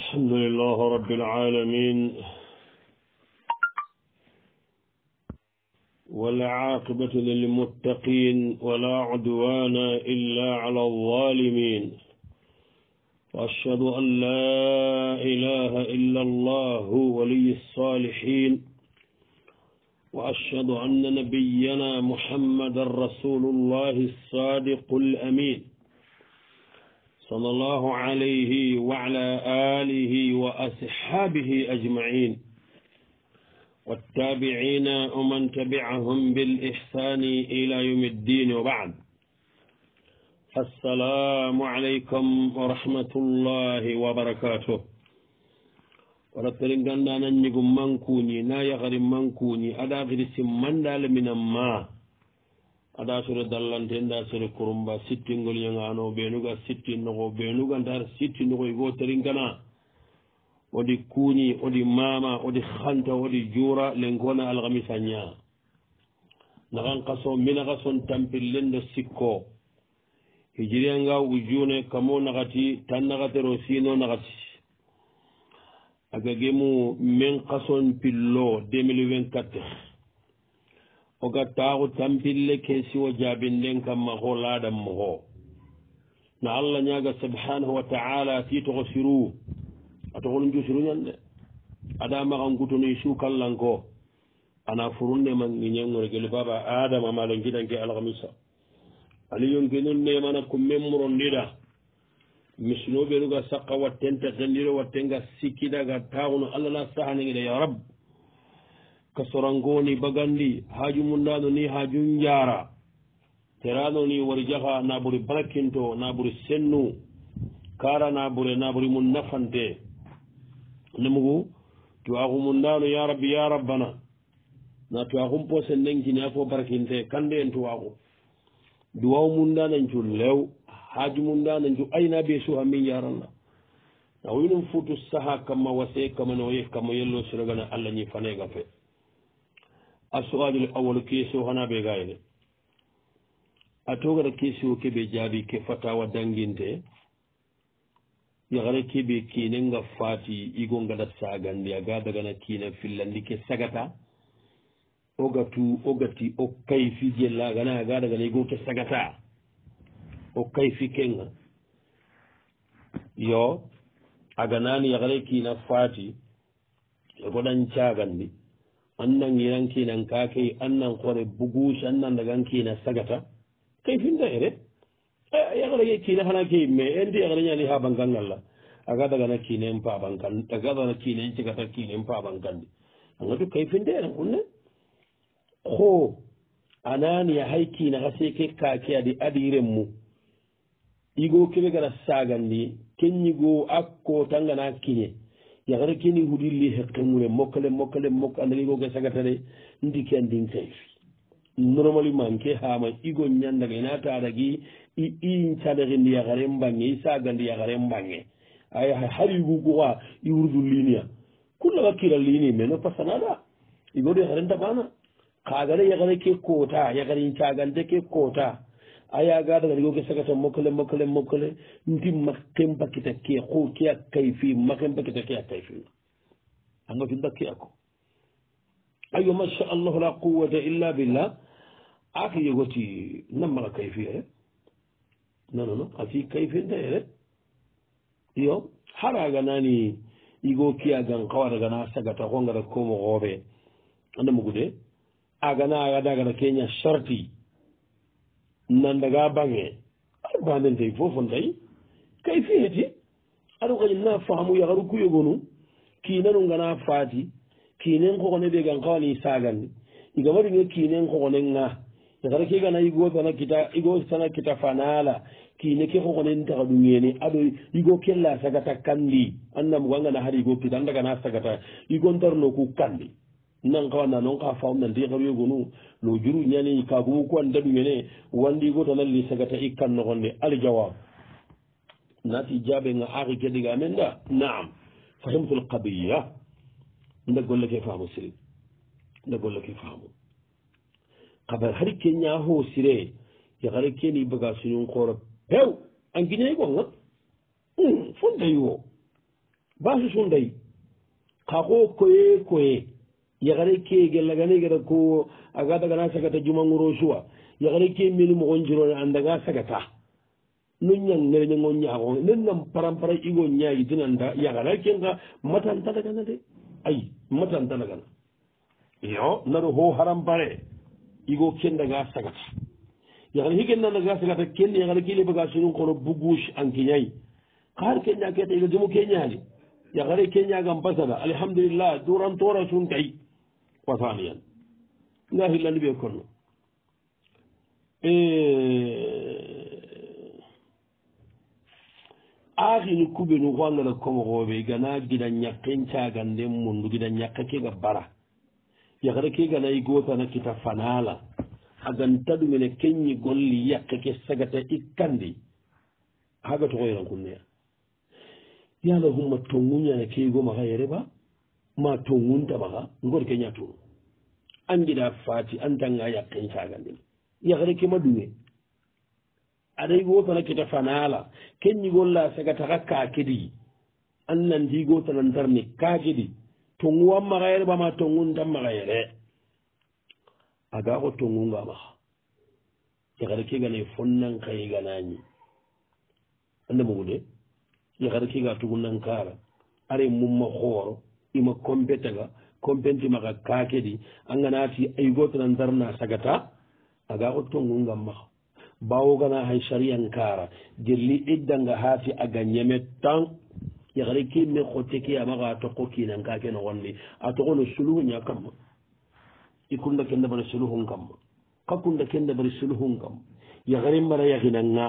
الحمد لله رب العالمين والعاقبة للمتقين ولا عدوان إلا على الظالمين وأشهد أن لا إله إلا الله ولي الصالحين وأشهد أن نبينا محمد رسول الله الصادق الأمين صلى الله عليه وعلى آله وأصحابه أجمعين والتابعين ومن تبعهم بالإحسان إلى يوم الدين وبعد السلام عليكم ورحمة الله وبركاته ورتلن غندانا نيغو مانكوني نا يغري مانكوني ادا غري سي ماندال من ما aɗa sore dallante nda sore kurumba sittingol yagano ɓeenuga sittinnoko ɓeenuga ndar sittinnokoy goo tarin gana oɗi kuuñi oɗi maama oɗi xanta oɗi juura lenkona alhamisa ña naxan xaso mina xa son tampillen do sikko hijiriyanga ujune kamo naxati tan naxatero siino naxati agagemu men xason pillo 2024 o gattaako tampille kesi o jaabinden kam ma ho laaɗan mo hoo no allah ñaaga subhanahu wa taala fiitoko siru a tohono ju siruñande adama kan gutonoyi suu kallanko ana furunne mange ñangore gelu baba adama malo jiɗanke alhamisa ani yonkinon nemana kummen muronɗiɗa misnoɓenuga sakka watten tatandiro wattenga sikkiɗaga taakuno allah na sahanegeɗa ya rabbe ka sorangoni bagandi haaju mumnaɗo ni haaju jaara teraɗo ni wori jaha na ɓuri barkinto na ɓuri sennu kara na ɓure na ɓuri mum nafante nemugu tuwaku mumnaɗo ya rabbi ya rabbana na tuwakum po sen denkini a fo barkinte kande en tuwaku duwaw mumdananju lew haaju mumdananju ayna be suha min yaranna na winum futu saha kamma wase kamano ye kamma yello siragana allah ñi fanega fe asuwaju le awol question hana ɓe gayde a togata question keɓe jaabi ke fatawa danginte yahare keɓe kine nga faati igo ngaɗa sagandi a ga dagana kina fillandi ke sagata ogatu ogati o kayfi jellagana a ga dagana igo ke sagata o kayfi kenga yo aganani yahare kina faati e goɗan cagandi annan yirankinan kakeyi annan hore bugush annan dagankina sagata kay finda ere e, yagarage kina hana ke yimme endi yagarañani ha bangangalla aga dagana kinen pabankan aga dagana kinen cigata kinen pabankandi angatu kay finde ere kunne ho ananiya hay kina ha seke kake adi adiren mu igo kebe gara sagandi kenñigo akko tangana kine yagre keni huɗilli hektomure mokkale mokkale mokka andagi koke sagatare ndike andin kayfi normalement ke hama igo ñandaga ina taragi i incaɗagi ndi yagare mbange i saga ndi yagare mbange ay har yugukuxa i wurdu linia kullaga kira lini mano pasanada igoɗo yagaren tabana kagare yagare ke kota yagare incagante ke kota aya ga daga rigo ke sagata mokkale mokkale mokkale nti makke mbakkita ke ko ke a kayfi makke mbakkita ke a kayfi anga fi mbakke ako ayo masha allah la quwwata illa billah aki yogoti namara kayfi e non non non afi kayfi nda ere iyo hara ga nani igo kiya gan kawara gana sagata ko ngara ko mo gobe anda mugude aga na aga daga na kenya sharti nandaga bange ar bandente fofontay kay feeti aɗum kañum na faamu yakaru kuyogonu kiinanum ngana faati kiinen kokone ɓe gan kawani sagandi igamaɗuge kiinen kokone ga yakara kegana igo sana kita igo sana kita fanala kiine ke kokone ntaka ɗugeni aɗo igo kella sagata kandi annamugo angana haɗa igo kita andagana sagata igo ntarno ku kandi nan kawa na non ka faun nan dai kawai gunu lo juru nya ne ka gumu ko an dadu ne wandi go ta lalle saga ta ikkan no gonde al jawab nati jabe nga aki ke diga menda na'am fahimtu al qadiyya nda golle ke faamu sire nda golle ke faamu kabar har ke nya ho sire ya har ke ni baga sunun qora pew an gine ko ngot hmm, fundayo basu sundai kako koye koye, koye. yagare ke gellagane gata ko aga dagana sagata jumaguro suwa yagare ke meli mogon jirone andaga sagata no ñang nere ñango ñaago nen nam parampara igo ñaagi dinanta yagara kenga matanta dagana de ay matanta dagana iyo naru ho harampare igo kendaga sagata yagara hikendanaga sagata kenn yagara kele baga sunun kono bugouche ankiñayi kaar ke ñaketa iga jumu ke ñaali yagare ke ñaagan pasada alhamdulillah durantora sun kay wataniyan ilahi lani ɓe konno e aahini kuɓe nu hoangala komohooɓe gana gina ñakke ncaagan nden mundu gina ñakke kega bara yakata ke ganayi gotana kita fanala aganta ɗumene keñi golli yakke ke sagata ikkandi haga toxoyirankunneya yalahumma tonguñana keigomaha yere ba ma tonguntamaxa ngorke ñatunu an ngida fati antanga yaken cagandin yakre kema duwe aday gotana keta fanala ken ñigolla sagataxa ka kedi an nanti gotana ntarni ka kedi tongu wa maxa yere bama tongunta maxa yere aga xo tongunga maxa yakre ke ganay fonnan xaye ganañi anda mogude yakre ke ga tugunankara are mumma xooro ima compétaga compétimaxa kaakedi a nganati aygotana ndarna sagata aga xottongu ngam maxa bawogana hay sariyankara jelli ɓiddanga hati a gañeme tan yaxari kime xote ke amaxa a toqo kinankake noxonni a toxono suluhuña kamma i kunda ken dabari suluhun kamma ka kunda ken dabari suluhun kamma yaxari mara yaxinanga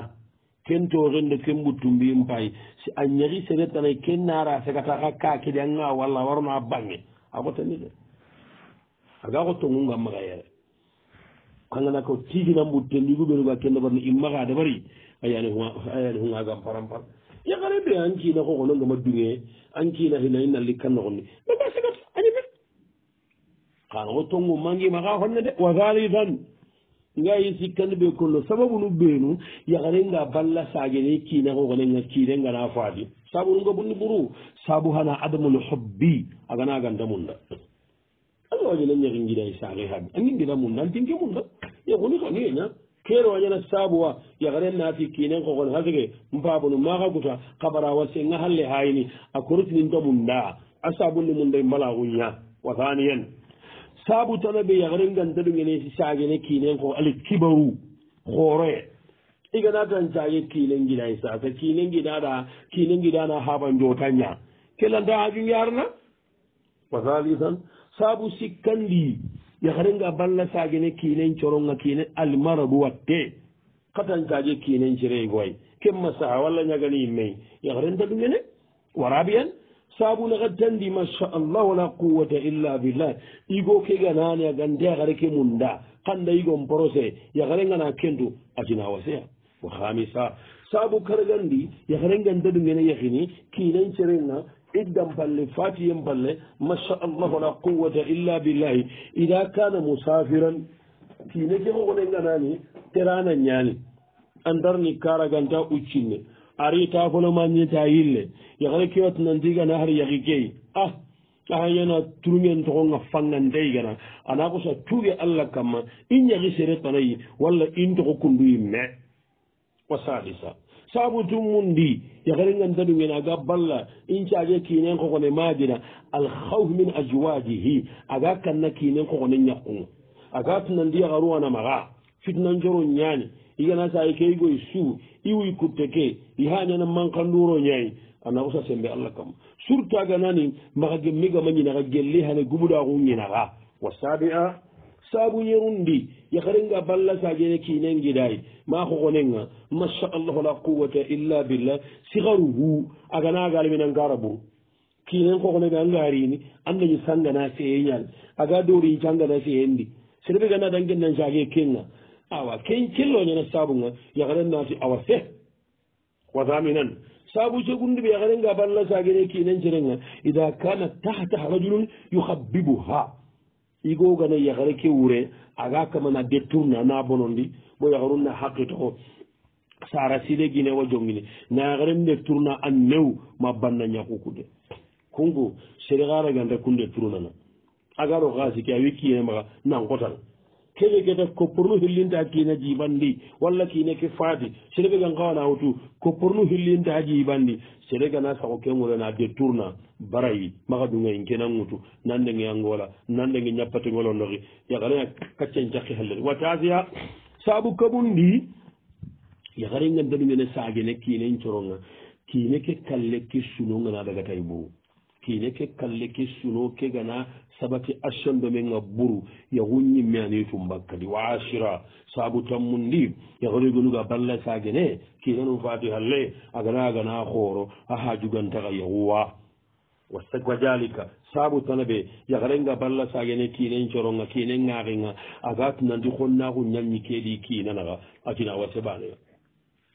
ken torende ken ɓuttu mbim pay si a ñahi sere tanay ken nara segata ka kakeɗi a ga walla warno a bange a xotani de aga xottongunga maxa yere kangana ko tiginan ɓutte ndigu ɓenuga ken ndabarno im maxa de bari ayani fungagam parampar yakare ɓe an kina xoxonongama dunge an kina hina i nalli kan noxonni maba segat añefe xan xottongu mangimaxa xonne de wa zalitan ngayi sikkandi ɓe kollo sababunu ɓeenu yakarenga balla sagene kiina kokonenga kiirengana faadi sabunuga bunni buru sabu hana adamul hobbi agana ganda munda ala wajene ñakinjiday saake hadi angingida munda antinke munda yakuni kaniyeña kero wañana sabuwa yakaren naati kiinen kokone hasike mpabunu maaka guta kabarawa senga halle hayini a korutinin to munda a sabunni mundai mbala kunya wasaani hen saabu tala ɓe yagren ganndaɗumene si saagene kiinen ko ala kibaru hooroye igana tan saage kiinen ginay e sasa kiinen ginaɗa kiinen ginana haɓanjootaña kelanta haajum yarna wasaali tan saabu sikkandi yagrenga balla saagene kiinen coronga kiinen almaradu watte katan saage kiinen cireygoy kemma saha walla ñagani yimmey yagrenta ɗumene waraɓiyan sabuna ga tandi masha Allah wala quwwata illa billah igo ke ga nani ga ndiya gare ke munda kanda igo mporose ya gare ngana kendo ajina wasea wa khamisa sabu kargandi ya gare nganda dungene yakini kinan cirena iddan balle fatiyan balle masha Allah wala quwwata illa billah idan kana musafiran kinake ko ne ngana ni terana nyani andarni karaganta uccinne ari ta takono mañita yille nan diga na har yahi key ah aha yana fangan dai gana ana sa tuge allah kama in yahi sere tanayi walla in togo kunduyi me wa salisa saabu ya mum ndi yahare gantaɗugena ga balla in caage kinen kokone al khawf min ajwajihi aga kanna kinen kokone ñakkuga aga ruwa na maga fitnan joro ñaani igana sa e keigoy e suu iwuy kutte ke i hañana mankanduro ñay anaxusa sembe allah kam surtout aganani maxa gem megama ñinaxa gelle hane gubuɗaxu ñinaxa wa sabia sabu yerundi yaxarenga balla sagene kine ngiday ma xoxonenga masha allahu la quwata illa billah sixaruhu agana galaminangarabu kinen xoxonega angarini andañi sangana seeñal aga dorincangana seendi serebegana dangenan sage kenga awa ken kelloñana sabunga yakaren naati awa fe wasaminan sabuse gundu ɓe yakarenga balla sagene kinen cerenga ida kana tahtaha rajulun yuhabibuha igogana yakare ke wure aga kamana detourne ana bonondi bo yakarunna haqqi toxo sara side guine wa jongine nayakaren detourne an new ma banna ñakukude kunku sere garagan rekun detourne na aga ro xa sike awi kinemaxa nangotan keɓe geta ko porno hillinta kiina jiɓanndi walla kiine ki faadi sereɓe gan kawana wutu ko porno hillinta ha jiɓanndi sere gana sago kenŋolena de tourna barayi maga dungayin kenan ŋutu nandenge angola nandenge ñappatiŋolo nohi yakaraya kaccen cakki hellet watasiya saabu kabundi yakarengan daɗungene saagene kiine coronga kiine ke kalle ki sunonga na dagatay bowu kiine ke kalle ke suno ke gana sabati action do men ga buru yahun ñimme anitum bakkadi wa asira saabu tammun ndi yahorigonuga balla sagene kiine num faati halle agana gana hooro a hajugantaga yahuwa wasagwajalika saabu tanabe yagarenga balla sagene kiinen coronga kiinen gaakinga aga tunandi honnaku ñalñi keedi kiinanaga atina wasebaneya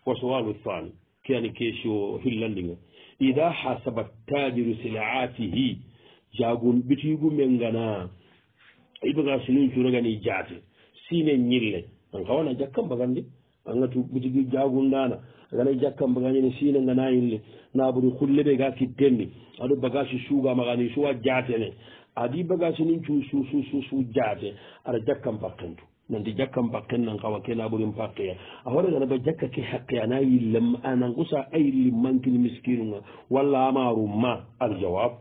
wasowalu thani ke ani kesio hillandinga ida hasaba tajiru silaatihi jagum ɓitigu men gana ibaga sinin curagani jaate sine ñille an kawana jakkam bagande angatu ɓitigi jagum dana agana jakkam bagañene sine gana yille naɓuri hulleɓe ga kittenni aɗo bagasi suga magani suwa jaatene adi bagasi nin cu su su su su jaate aɗa jakkam pattantu nanti jakkan pakken nan kawa ke naɓurin pakkeya awaɗa ganaɓa jakka ke hakkeya ana yillam anan kusa ayilli mankini miskinuga walla amaru ma aljawab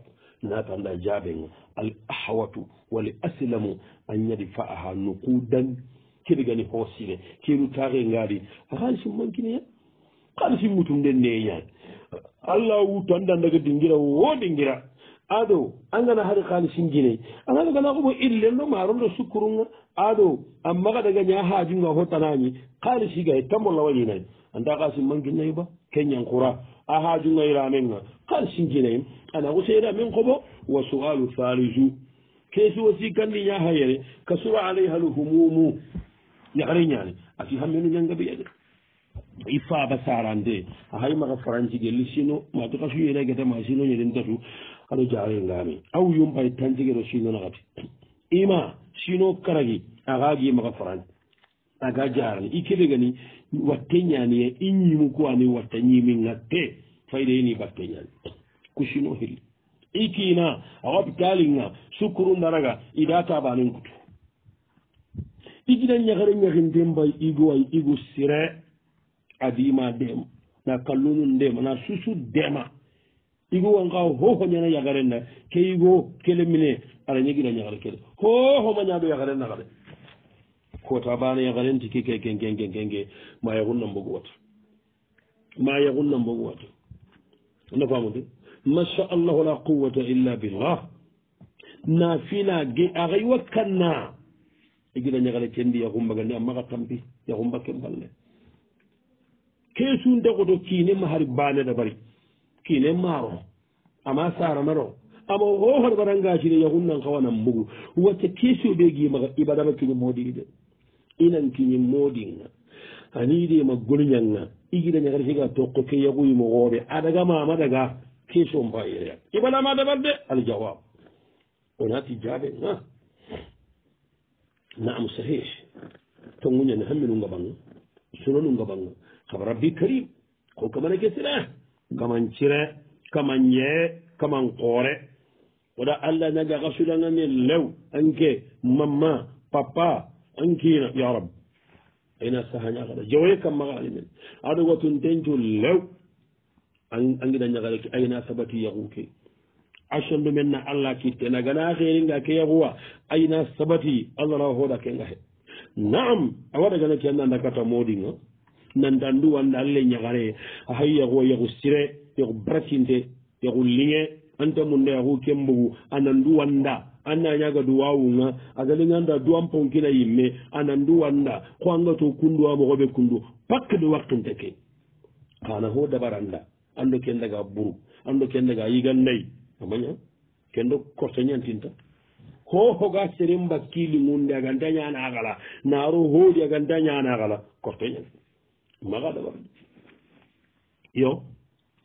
natanɗa jaɓega al ahwatu wali aslamu an yaɗi fa aha nuku dan keɗi gani hoosine keɗu taxe ngaadi a xalisim mankineya xalisim mutum nde neñaan allah wutanɗa ndaga dingira wo dingira aɗo angana hare haalisingine angaɗagana ko ɓo illelno maron ɗo sukkurunga aɗo amma gaɗagaña haajunga hottanani haalisiga e tambolla waɗinayi anda kasi manginayi ba keñankura a haajungayiramenga haalisinginayi ana ko seyramen ko ɓo wa sualu halisu keesi wasi kandiña hayere ka sura alayha lhumumu yahariñani asi hammenu ñangabiyade i faaba sarande hay maxa farantigelli sino mati xa suyeregete ma sino ñeden tatu xano jaxengami aw yumbay tantigeno sino naxati ima sino karagi axa gi e maxa faran aga jarani i keɓegani watte ñaniye i ñimu kuwani watta ñiminga te faydeini batte ñani ku sino xili i kina a hopitalinga sukuru ndaraga ida tabanin kutu i gina ñaxere ñaxinten bay igoway igo sire adiima ndeema na kallunun ndeema na susu ndeema igo wanga hoho ñana yagarenna ke igo kele mine ara ñegira ñagare kele hoho ma ñaaɗo yagarenna xade kota bana yagarenti ki keke gegegege ma yagunna mbogu wata ma yagunna mbogu wata na famude masha allahu la quwata illa billah na fina ge axay wakkanna igira ñagare kendi yaxumbagandi amaxa tampi yaxumba ke mballe keesunde ko to kiinen ma hari baanene bari kiinen maaro ama saranaro ama hohoto warangaasire yahun nan kawanan mbugu watte keesio ɓe giimaga ibadama kiñi moodii de inan kiñi moodinga aniideema goluñanga igida ñagar siga tokko ke yaguyimo hoore adaga mama daga keesio mbayeya ibadama dabar de aljawab onati jaabe a naam sahih to guñani hammi nu ngaɓanga suno nu ngaɓanga kam rabbi karim ko kamana gesira kaman cire kaman yee kaman koore oɗa allah naga ka sudangane lew anke mamma papa ankina ya rab ina sahañagada jewoye kam magaalimen aɗa watun tencu lew angida ñagareke ayna sabati yaxuke acandu men na allah kitte nagana xeringa ke yaxuwa ayna sabati allah rawa hooɗa kengaxe naam awaɗaganake anna ndakata moodinga nandandu wanda alle ñagare ahay yahuwa yahu sire yahu bratinte yahu liŋe anta munda yahu kembugu anandu wanda annañaga duwawunŋa agaliŋanda duwan ponkina yimme anandu wanda ho angato kundu a mogobe kundu pak de waktinte ke ana ho dabaranda ando kendaga buru ando kendaga yigannayi amaña kendo korte ñantinta ho hoga serin bakkili ŋunde aganta ñanaxala naro hoodi aganta ñanaxala korte ñanti maga ɗa warde yo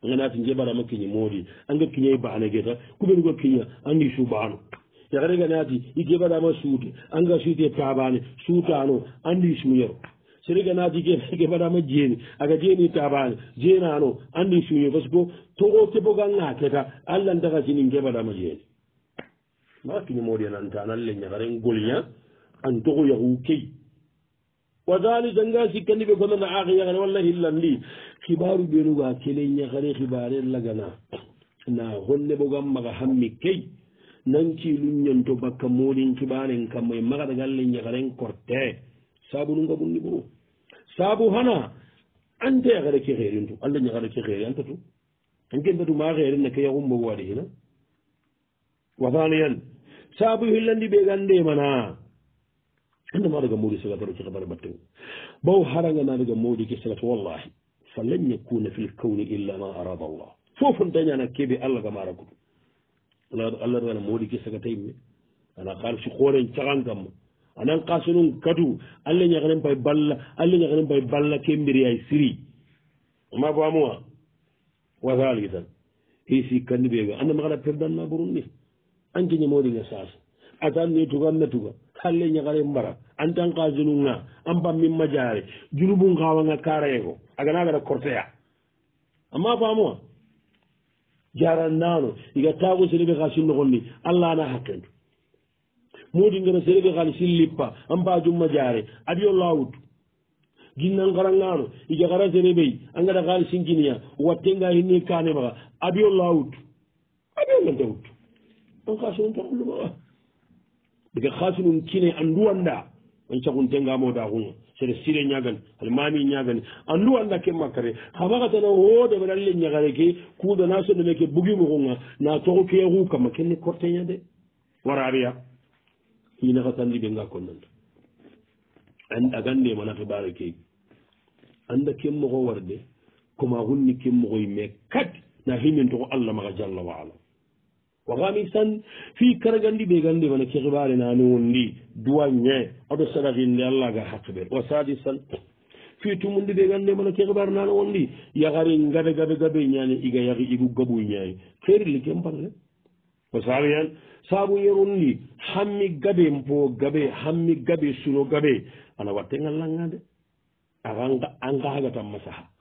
nganati jeɓarama kiña moodi anga kiñayi baane geta kuɓenga kiña angi suɓano yakre ganati i jeɓarama suute anga suute tabane suutano andi suñero sere ganati jeɓarama jeeni aga jeeni tabane jeenano andi suñero parce que togo keɓoganga keta allahntaka sini jeɓarama jeeni maga kiña moodi anantanalle yakren goliña an togo yahu key wa dali janga sikkandi ɓe konona aki yagane walla hillandi xibaru ɓenuga kele yagane xibare lagana na honne ɓogan maga hammi key nanki lunñanto bakka molin xibaren kammae magadagalle yagaren korte sabu nunga ɓunni ɓuru sabu hana anta yagare ke xerintu allah yagare ke xeeri antatu ankentatu ma xeerin na ke yagumbogo waɗi hina wafanoyan sabu hillandi ɓegandemana ndema daga mawdi sega baro ci xibaare battewo baw harangana daga mawdi ke sagata wallahi fa lan yakuna fi lkawni illa ma arada allah fofon dañana keɓe allah gam arakudu allah dagana mawdi ke sagata yimme ana xaal si xooren cagan kamma anan qasonun kadu allah ñaxanen bay balla allah ñaxanen bay balla ke mbiriyay siri ma famuwa wasaalgi tan hisi kandi ɓeega anda maxaɗa perdan na burun ni anke ñamawdi ga sasa atan ne tuga anna tuga kalle ñagare mbara antan ka junu nga an bammin majare junubun kawanga karayego agana gara korteya amma famuwa jarannano iga tagu sereɓe ka sinnogondi allah ana hakkentu modi ngana sereɓe kan sillippa an ba jumma jare adiyo lawutu ginnan karangano iga kara sereɓey angada kali sinkiniya wattenga hinni kanemaga adiyo lawutu adiyo lanta wuttu an ka sinuntaulumaa dege hasunum kine anduwanda on cakuntengamodaxuga sere sire ñagani ale mami ñagani anduwanda ke makkare xafaxatana woodeɓeɗalle ñagare ke kudana sondeme ke bugimuxuga na toxu keexu kamma kene korteña de wararya inaxa tanliɓenga konnanta agandemana xibare ke anda kem moxo war de koma xunni kem moxoy me kat na himen toxo allah maxa jalla wa alam wagamin san fi karagandi ɓe gandi mana kehibare nani wondi duwaie aɗo saɗakinde allah ga hakɓe wa sadi san fi tumundi ɓe gandi mana kehibare nani wondi yahari gabe gabe gabe ñani iga yahi igu gabu ñayi feri liken parle wa sabi an sabu yerundi hammi gabe mpo gabe hammi gabe suno gabe ana watte gallangade aangahagatan masaha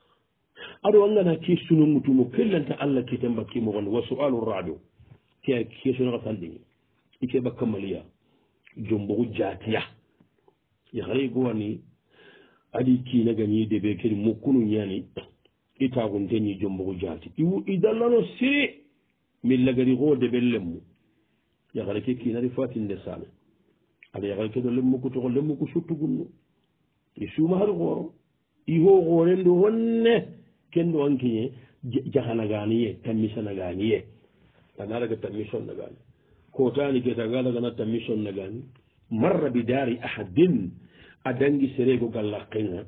aɗo angana ke sunomutumo kellanta allah kitembakkimogondi wa sualu radio tiya kiyesonoka sandini i keba kamaliya jombogu jatiya yahalai gowani adi kina gani debe kedi mukkunu yani itagunteni jombogu jati iwu idallano siri millagari go debel lemmu yahala ke kinari fatinde sale ala yahala kedo lemmu kutogo lemmu ku suttugunnu i suma har goro iho gorendu wonne kendo wankiye jahanaganiye tammisanaganiye ana araga ta mission nagaani kootaani geta nga alagana ta mission nagaani marra bi daari ahadin a dangi sereego galla qinga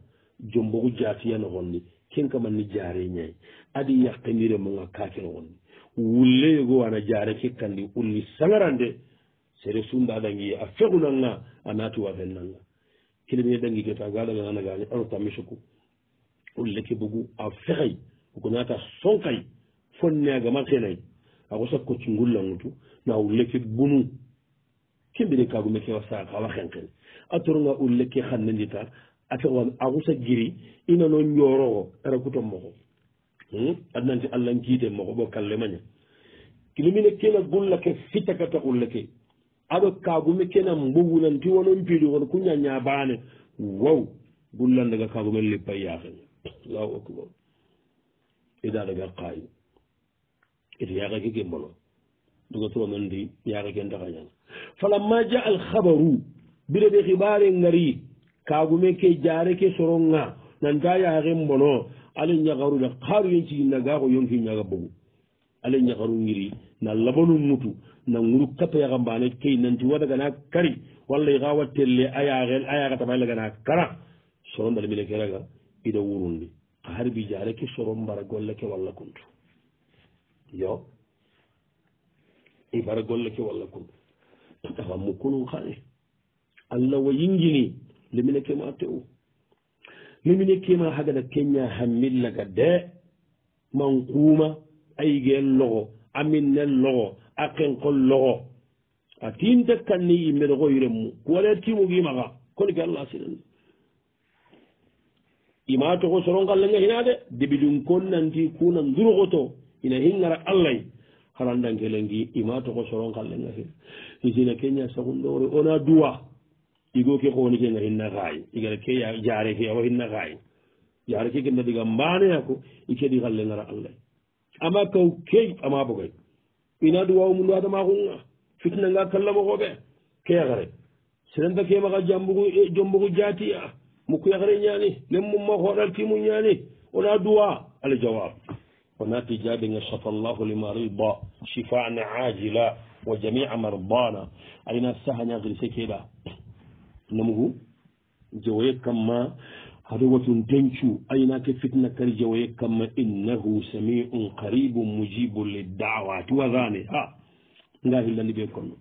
jombogu jaatiya nogonni ken kaman ni jaare ñaayi adi yaqindire monga kaake nogonni wulleyego ana jaare ke kandi ulli sangarande sere sunda adangi a fegunanga a naati wa fennanga kilimine dangi geta nga alagana nagaani ano ta mission ku ulle ke bugu a fexey oko naata sonkay fonne a gama kenayi ako sa kocci ngulla ŋutu na wulleke bunu kembine kaagu meke wa saaka awa xenqen a toronga wulleke xan ne ndita akewa ako sa giri inano ñorowo era kuto moxo hmm? adnanti allah nkiite moxo bo kallemaña kilimine kena gullake fitakata wulleke aɗo kaagume kena mbuwunanti wono mpiidi won ku ñaña baane waw gullandaga kaagume lippa yaaxen allahu akbar idaa daga qaayim ete yaakake gembolo duga tuwa men di yaakake ndakañana falamma ja al habaru bire ɓe xibaare ngari kaagume ke jaare ke soro nga nanta yaake mbono ale ñakarude xaaru yen ciginna ga ko yonki ñaga bogu ale ñakaru ngiri na labanu mutu na nguru kapeyaka mbaane key nanti wadagana kari walla ixa wattelle a yaaxe a yaaxa tabaylagana kara soro ndalmine ke raga ida wurundi xaar bi jaare ke soro mbara golle ke walla kuntu yo ibara golleke walla kon tawa mo kunum hane allah wa yingini liminekema tew liminekema hagada keña hammillaga de man kuuma aygel logo amin nel logo akenkol logo a tinta kanni yimmedogo yiremmu kuwaleer timogimaga kono ke allah sinan ima togo soro ngallange hina de debidun kon nanti kuna ndurogoto ina hingara allahy harandankelengi ima toko soron kallenga he isina keña sagundoore ona duwa igo ke koni kenga hinna kaye igara ke jare ke awa hinna kaye jare ke kenna diga mbaneyako ikedi kallengara allahy ama kaw key ama bogay ina duwawo mundu adama kunga fitnanga kallamokoɓe keyakare serenta kemaka jambugu e, jombugu jatiya mukuyakare ñani len mumma koɗal timu ñani ona duwa ala jawab wona tijaɓe ga chafa llahu limarida chifan ajila wa jamia mardana ayna sahañagrise keɗa nomgu jewoye kamma hade watun tencu aynake fitna kari jewoye kamma innahu samiun qaribun mujibun lidawati wazane a nga hillandi ɓe konno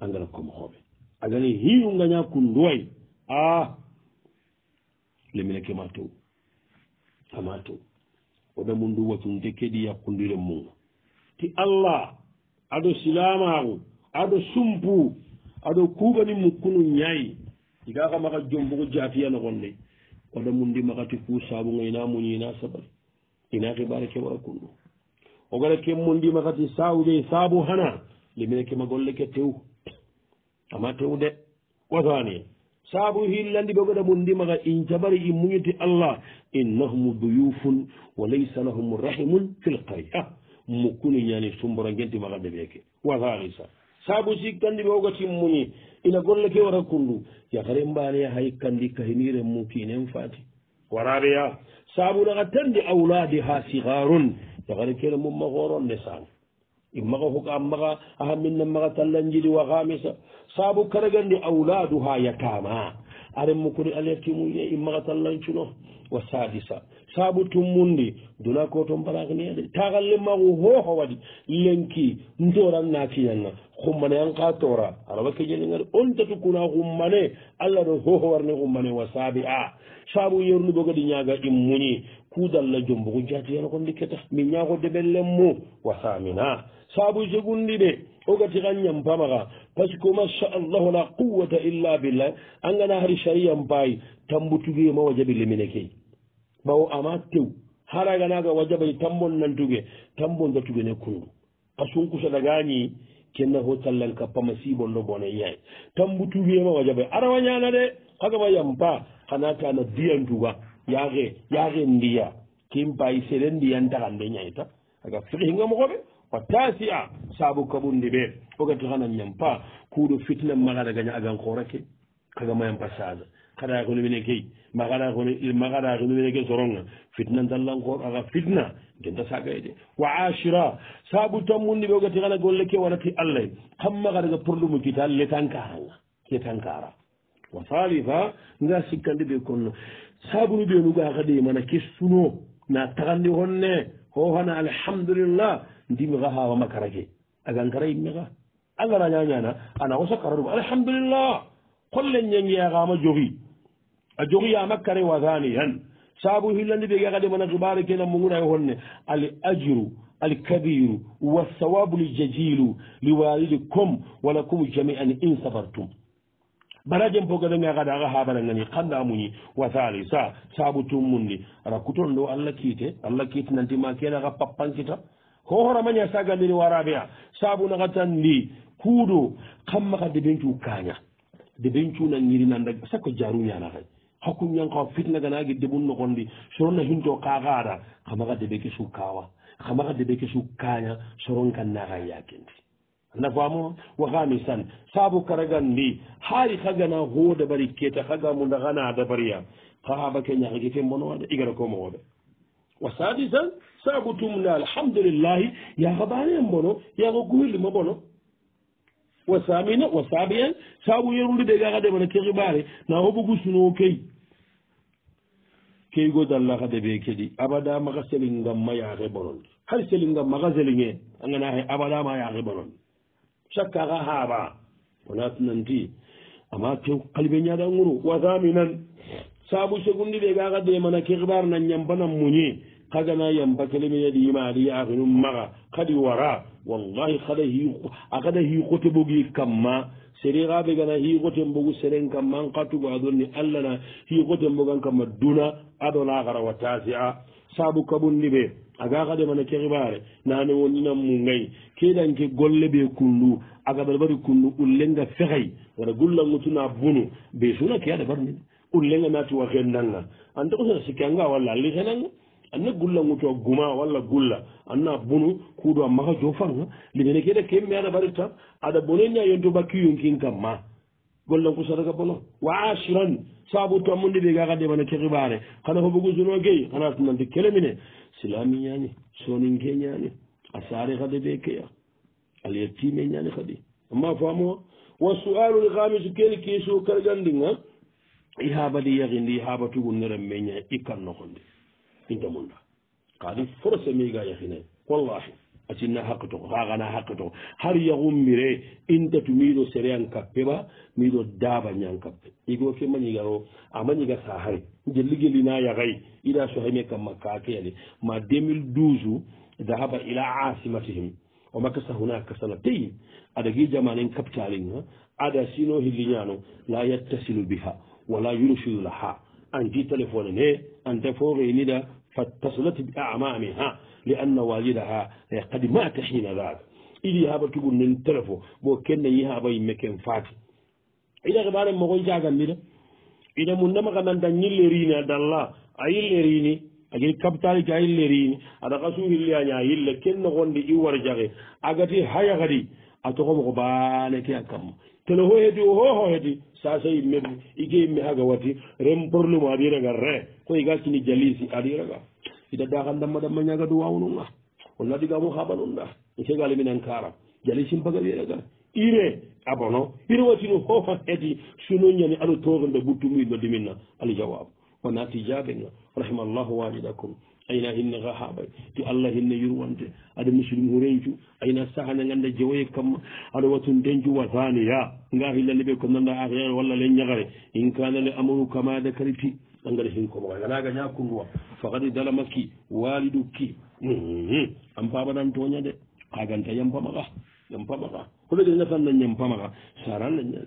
a ngara komohoɓe agani hiu gaña kunduway a ah, lemine kema tow ama tow oɗamu ndu watunde keɗi yakkundiren mum ti allah aɗo silamaku aɗo sumpu aɗo kuɓani mukkunu ñayi igaka maka jombugo jafiyanogonde oɗamundi makati ku sabuga ina muñi ina sabari ina hibare keɓara kundu ogara kemmundi makati sawude sabu hana limine kema golle ke tew amma tew de wasanie saabu hillandi ɓogoɗa mum ndimaga in jabari i muñiti allah innahumu duyufun wa laysa lahum rahimun fi lqarya mukkuni ñani sumbora ngenti maga ɓe ɓeeke wahalisa saabu si kandi ɓe ogoti muñi ina golle ke wara kundu yagare mbane ya hay kandi kahiniren mum kinen faati waraɓeya saabu naga tandi aulade ha sigarun yagare kele mumma horon ne sane i maxa foka a maxa axa minna maxa talla njiri wa xamisa saabu karagandi auladu ha yatama aren mukuni alertimuye i maxa tallancuno wa sadisa saabu tummundi duna koton baraxineade taxa lemaxu hooxo waɗi lenki ntoran na kiñanna xummane an xa tora araba keñeleŋadi ontatu kuna xummane allah ɗo hooxo warne xummane wa saabi a saabu yeruni ɓogadi ñaga i muñi ku dalla jombuxu jatiyanoxondi keta mi ñaaxo deɓellen mu wa samina saabuise gundi de ogati xa ñam pamaxa pacque masallah la quwata illa billah a ngana hari saria mpaayi tambutugue ma wajabi lemine key bawo ama tew haraganaga wajabay tambon nantuge tambon datugene kundu pasunkusa dagañi kenna ho callal kappama sibonɗo bone yay tambutugema wajabay arawañana de xagama yampa xana tana diyantuga yaxe yaxe ndiya kempayi seɗe ndiyantaxande ñayta aga fexinga moxoɓe wattasia saabu kaɓunde ɓe ogati hanan ñampa kuuɗo fitna magaɗa gaña agan koorake kaga mayampa sasa kada kono mine key magaɗa kono magaɗa kono mine ke soronga fitna dallankoor aga fitna genda sagayde wa ashira saabu tammunde ɓe ogati hana golle ke warati allah kam magaɗaga porlumu kita letankaraga letankara wa salifa nga sikkande ɓe konno saabunu ɓenuga kadi mana ke suno na tagandi honne ho hana alhamdulillah ndimiga ha wamakara ke agankara yimmiga allah nañañana ana wosa karaɗum alhamdulillah kolle ñangeyaxama jogi a jogi yamakkare wasani tan sabu hillandi ɓege xa ɗemana xibare kena mugunay honne al ajiru alkabiru wasawabu ljajilu liwalidi com walakum jamian in safartum bara jem pogadanga xa daxa habanangani xanda muñi wasali sa sabu tum mundi ara kutonɗo allah kiite allah kiite nantima kena xa pappankita ko hora mañe sagandini warabiya saabu naxa tan ndi kuudo xam maxa debencu kaña debencu na ngirinanda sakko jaruñanaxe hakkuñangxa fitna gana gi debun noxondi soronna hinto kaxaada xamaxa debe ke su kawa xamaxa debe ke su kaña soronkan naxan yakendi anda famo waxami san saabu karagandi hari xagana xo dabari keta xagamunda xana dabariya xaxaba ke ñaxigi ke mbonowade igara ko moxoɓe wa sadisan saago tumna alhamdulillahi yaago baaneen bono yaago guhillima bono wa samina wa sabien saabu yerundude gaaka demana kexibaare na hobugu sunoo key keygo dalla ka debe kedi abada maga selingamma yaake bonon hay selingam maga selinge a ngana xe abadama yaake bonon chaque kaaxa haaba onaa nanti ama ke qalibe ñaada nguru wa saminan saabu segundi de gaaka demana kexibaar na ñambana muñe kagana yamba keleme yadi imani yaxinu maxa kadi wara wallahi xada a xada xiixote bogi kamma seri xaɓe gana xiixoten bogu seren kamma an xatugo a donni allah na xiixoten bogan kamma duna adona xara wa tasi a aga xademana ke nane wondinan mungay keɗanke golle ɓe kundu aga ɓaɗaɓaɗi kundu ullenga fexey wara gullangutuna bunu ɓe suna ke a ɗaɓarni ullenga naati anta ko sena sikke anga anne gulla ngutoo guma walla gulla anna bunu kuuɗo a maha joo faŋa limene keɗe ke mi aɗa mbaɗirta aɗa bononi a yonto ba kiyonkin kam ma gollan ku sadaka bono wa asiran saabu tammunde ɓe gaka ndemana kekibaare kana ko bogu suno gey kana tunande kelemine silami ñaani sonin ke ñaani a saare kade ɓe keya alyettime ñaani kadi amma famo wa sualu lhamisu keni kiisu kargandinga i haaba di yahindi i haaba tugunneren meñay i kan nokondi inta munda kaadi forose miga yahine wallahi asinna hakke toko hagana hakke toko har yahummire intatu miɗo sere an kappe ɓa miɗo daaba ñan kappe igo ke mañigaro a mañiga sa hari je ligeli na yahay ida so hayme kamma kakeyale ma 2012 dahaba ila asimatihim o makka sahuna kasana teyi adagi jamanen capitalinga ada sino hilliñano la yattasilu biha wala yunsilu laha an ji téléphone ne an defo reenida fattasulat biamamiha li anna walidaha qad mata hina dhalik ili haɓat kigu nen telefo bo kenne yi haɓa yimme ken faati ina xibaren mogoy cagandida ina mu nama xananta ñille riini a dalla a yille riini agei capitali ke a yille riini ada xa suhilli aña a yille ken noxondi i war jaxe agati hayaxadi a toxo moxo baaneke a kamma telefo heti o hoho heti sase yimme i ke yimme haga wati ren probleme a diraga re ko iga kini jalisi a diraga ida daka damma damma ñaga du wawnunga on nadigamu haɓanunɗa segali minen karam jali simpaga wiyere gan ire abono ire watinu hoha heedi suno ñani aɗo torunde buttu muyi noddiminna aljawab wa nati jaɓenga rahimallahu walidakum ayna hinne ha haɓay ti allah hinne yurwonde aɗa musidmu reyju ayna sahane ganda jewoye kamma aɗa watu denju wa saniya nga hillaliɓe ko nanda ahere walla len ñagare in kana le amaru kama dakariti ɗon gaɗa hen ko wala gaña kunduwa faqad dala makki waliduki an pamanan toña de haganta yam pamaka yam pamaka hoɓe ɗe natanna ñam pamaka saranle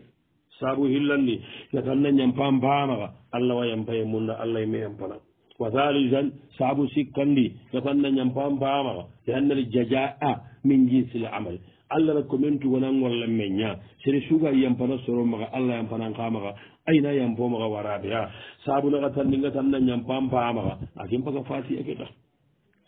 sabu hillanni natanna ñam pam pamaka allah wa yam paye munda allah yme yam pana wa halisan sabu sikkandi natanna ñam pam pamaka yannale jaja a min jinsile amal allah ra commen tu wonan ngollan men ña sere suga yampana soro maka allah yampanan kamaka ayna yampomaxa waraɓeya sabunaxa tanninga tanna ñampampamaxa a kem paga fatiyake ta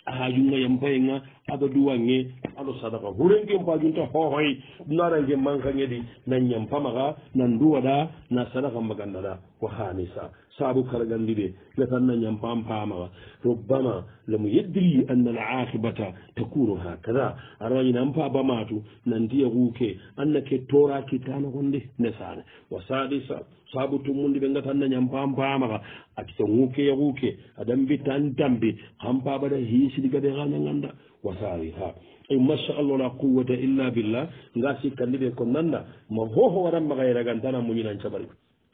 ahajunga yampayenga aga duwange aɗo sadaka hurenkem pajunta hooxoy ɗunarangke manqangedi nan ñampamaxa nan duwaɗa na sadaka mbaganɗaɗa wa xanisa saabu kara ganndiɓe le tanna ñam pam paamawa robbama lemo yeddiri anna l aqibata ta kuuro ha kada ara wañi nan pa bamatu nandiya ruuke anna ke tora kittana gonde nesane wa sadisa saabu tummunde ɓe gatanna ñam pam paamaka akita guuke ya guuke adan bittan dambi kam pa ɓaɗa hiisidi gaɓe hana ganda wa saliha ey machallah la quwata illa billah nga sikkandiɓe ko nanna ma fofo waɗan makayragantana muñinan cabari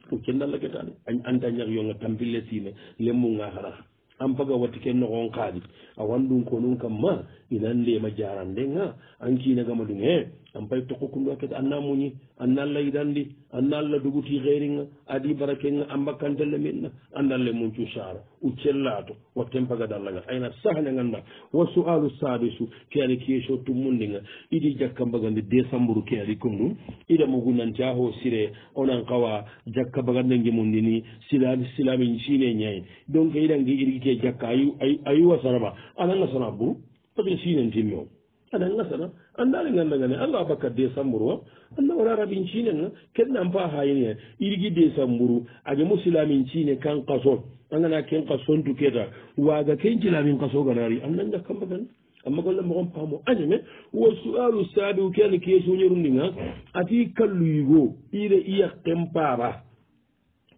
ko kendalla getaani a anta ñak yo nga tampille siine lembu nga hara an paga watti ke nogon kaalis a wanndum ko nun kam ma inan ndema jarande nga an kiinagama ɗum hee an bay tokkokunɗo kadi anna muñi anna allah yiɗanndi anna allah duguti heyriga aɗi barakega ambakkantelle minna anna allah mum cusara u cellato watten pagada allah gal ayna sahne ganda wa sualu sadisu keani kieso tummundiga iɗi jakka mbagande décembre keari kondu iɗa mogu nanta ho sire onan kawa jakka mbagande ge mundini silami silami sine ñayi donc iɗange irguite jakka ayi wasaraba anaga sana buru par ce que sinentimmi o aɗa gasana anndaale nganndagane anga abakar décembre wa anna wara rabin ciine nga kennan fa hayinia irigi décembre age mo silamin ciine kan kaso angana ken kasontu keta waaga ken silamin kasoganaari anna ga kamba gan amma golle mogon paamo añeme wo sualu saabiu ke ani kesoñerundinga ati kalluyigo ire iya ken paaba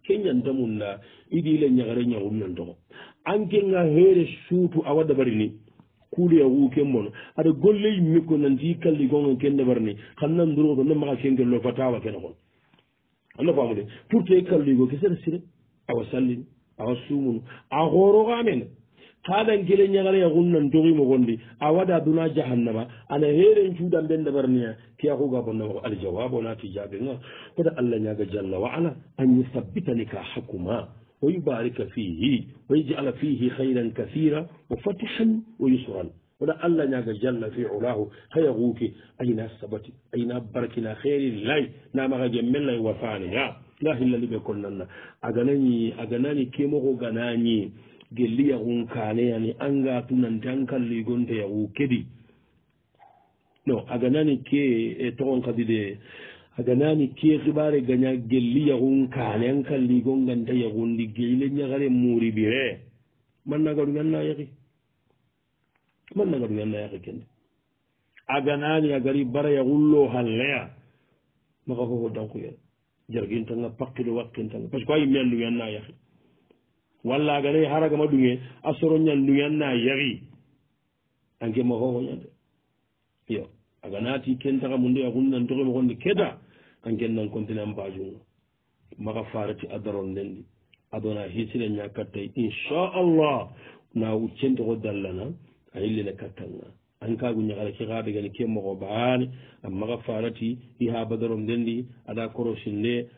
ke ñantamunda idi ile ñagare ñagum nantogo an kenga heere suutu awa dabarini kuuloya wuuken mono aɗa golley mikko nanti kalli gongan ken nebar ni xan nan duro to nomaxa kengello fataawa kene xon anna faamu de pour te kalligo ke seta sire awa sallini awa suumunu a xooroxa mene kaadan kele ñagale yaxun nan toximo xondi a waɗa duna jahannaba ana xeeren cuudan ɓe nebar nia ke yaxuga bonnamaxo aljawabo naa tijaɓenga fota allah ñaga jalla wa ala a ñi sabbitani ka xakuma wa yubarika fihi wa yajala fihi hayran kathira wa fatihan wa yusran oɗa allah ñaga jalla fiulahu haya guuki ayna sabati ayna barkina heeri lay namaxage mellay wafaane a la hillali ɓe konnanna aganani aganani kemoxo ganañi gelli yaxun kaneyani anga tunante an kalligonte yaxu kedi no aganani ke e toxon xadi de aganani ke xibare gaña gelli yaxun kane an kalligo nganta yaxun liggeile ñaxare muri bire mannagaruñanna yaxi mannagaruñanna yaxi kende aganani agari bara yaxullo halleya maxa fofo danxuyen jarguintanga paqilo waqintanga parce que a yimmean duñanna yaxi walla aganayi haragama duñe a soroñan duñanna yaxi anke maxoxoñade iyo aganati kentaxa mundeyaxun nantoxe moxonde keda angen nan kontinan mbajum maga farati adaron dendi adona hisire insha allah na wuccente ko dallana a yillene katanga an kagu ñagala ki haɗegani ke mogo baane an maga farati i ha badaron dendi aɗa korosinde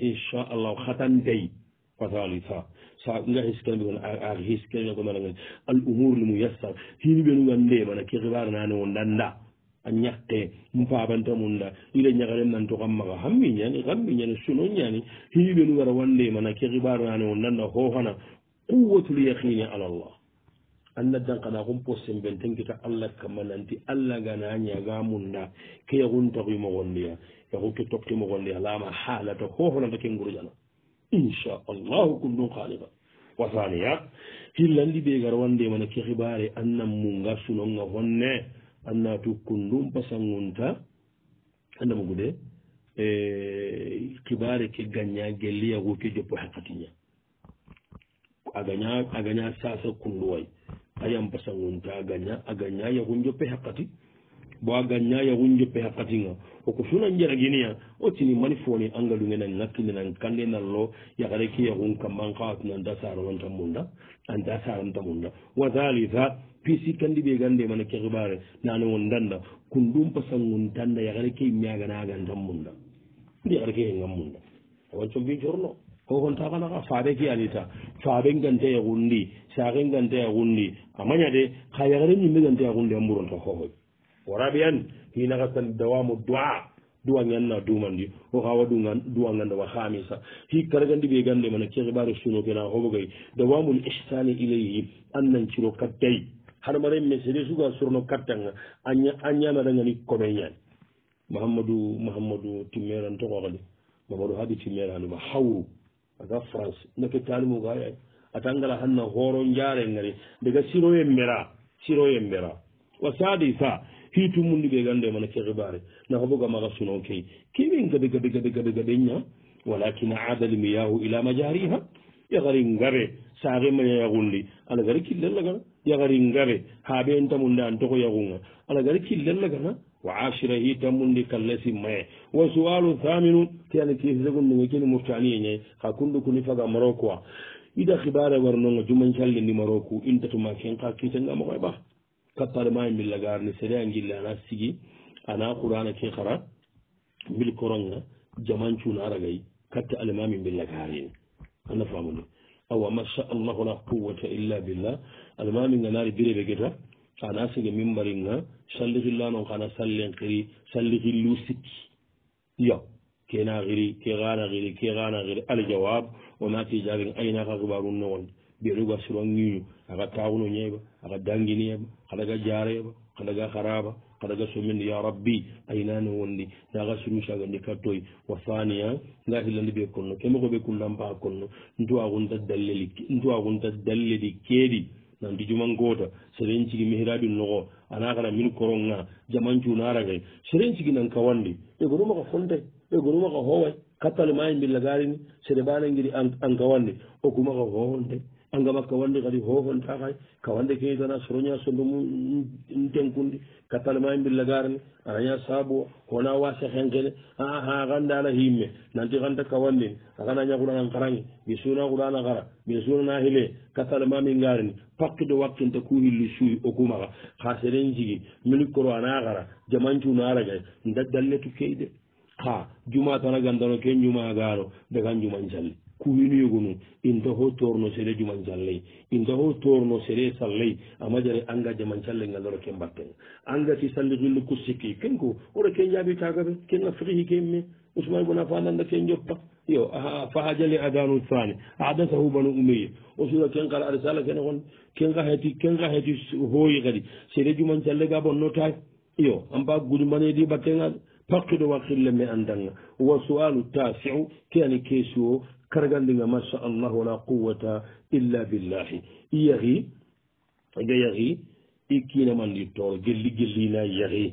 insha allah khatan hatanday fasalisa sa nga hiskel bi gon a hiskel ko hiskelɓe ngal al umur al muyassar umour lmuyassar hini ɓenugan ndemana ke hibar won danda a ñakte mpaɓanta mun da ile ñakaren nanto kam maga xam mi ñani xam mi ñani suno ñani hiɓen wara wande mana ke xibaro nane on nanna xoofana quwatul yaqine ala llah anna dankana xum posenben tenkita allah kama nanti allah gana ñaga mun da ke yaxun taxuimoxondiya yaxu ke toqtimoxondiya lama xalata xoofanata ke ngurjana insa allahu kundum xaliqa wasaniya xillandi ɓegar wande mana ke xibare annan munga sunonga fonne annatu ko ndumpasan wonta andamagude e kibare ke gagña gelliya woke joppo hakatiña agaña agaña sasa kunduway ayampasan wonta agaña agaña yahu joppe hakati bo a gañayahun joppe hakkatinga oko funan jaraginiya o tini mani foni angalunge nan ŋakkinde nan kande nan lo yakare kiyahun kamman katunan da saranta munda anta saranta munda wa halitha pisi kandi ɓe gande mana kehibare nanewon danda kundum pasangun tanda yakare ke miyaganaganta munda nde yakare kehengan munda awancon bicorno hohonta kana ka faɓe ki anita faɓe ganta yahundi sahe ganta yahundi amaña de ka yakare ñimme ganta yahundi amburonta hohoy warabiyan hinaka kan dawamu dua duwa ñanna dumandi o hawa duwa gandawa hamisa hi karagandi ɓe gande mana kehbaro suno kena hobogay dawamul ihsani ilayhi annanciro kattay hano maremme sede suga surno kattanga a ñamadagani kome ñani mahamadou mahamadou timmeran tokoxali mamadou hadi timmeranuma hawru aga france nake talimugaya atangala hanna horo jarengari daga siroye mbera siroye mbera wa sadi sa hiitu mundi ɓe gande mana ke xibare naxa bogamaxa suno key kimin gade gade gade gade gaɗeña walakin adalimi yahu ila majariha yaxari ngare saxe maya yaxunli alagari killelagana yaxari ngare haɓeen tamunde an toxo yaxunga alagari killelagana wa ashira hitamundi kallesi maye wa sual thaminu tiyani kisegundinge keni murtaniye ñayi xa kundu kuni faga maro quoi ida xibare warnonga jumancallindi maro ku intatuma ken xa kitengamoxoy ɓax كبر ما يمل لعار نسرين عن جل أنا سيجي أنا قرآن كي خرا بيل كورانغ جمان شون أرجعي كت ألمام يمل لعارين أنا فهمني أو ما شاء الله لا قوة إلا بالله ألمام ينار بيرة بكرة أنا سيجي مين مارينغ سلخ الله نو كنا سلين كري سلخ لوسك يا كنا غيري كغانا غيري كغانا غيري الجواب وما تيجي عن أي نخبة بارون نون بيروق سرنجيو aɗa tawno ñeeɓa aɗa danguineeɓa aɗaga jaareeɓa aɗaga haraaɓa aɗaga somindo ya rabbi aynane wondi naga surusaga nde kattoy wa faniyan nga hillande ɓe konno keme koɓe kunnampa konno ntuwa gunta dalleli keeɗi nanti juman goota seren cigi mihiraɓi nogo ana kana min koronga jaman cunarake seren cigi nan kawandi ɓe gonumaka fontay ɓe gonumaka howa kattale ma e mbillagarini sere ɓanangiri an kawandi okumaka howonte angama ka wande kadi hohonta hay ka wande keytana soroña sondu mu tenkundi kattalema e mbilla garani araña saabu hona wase hen kene a ha ganda ala himme nanti ganta ka wandini aganaña kuranan karangi mi suna kurana kara mi sunana hile kattalema min garini pakkido wakkinta ku hilli suyi o kumaka ha seren jigi minikoro ana kara jamancuna aragay dadalle tu keyde ha juma tana gandano ke juma gano dagan juman calli kuwiluyogono in daho torno sere juman sallay in daho torno sere sallay ama jare anga jaman salle ngal oro ken batten angati salle julle ku sikki kenko oro ken jaabi tagaɓe ken afrihi kemme ousmane bona fa nanda ken joppa yo fa hajale adanu fane adan sa hubano umeye o sura ken kala ada sala kene gon ken gaheti ken gaheti hooyi kadi sere juman salle ga bonno tag yo amba gudumbaneedi battengal pakkiɗo wakille me anndanga wa sowalu tasiu keani keesu o karagal ndinga machallah wala quwata illa billahi i yahi ga yahi i kiinamandi tool gelli gellina yahi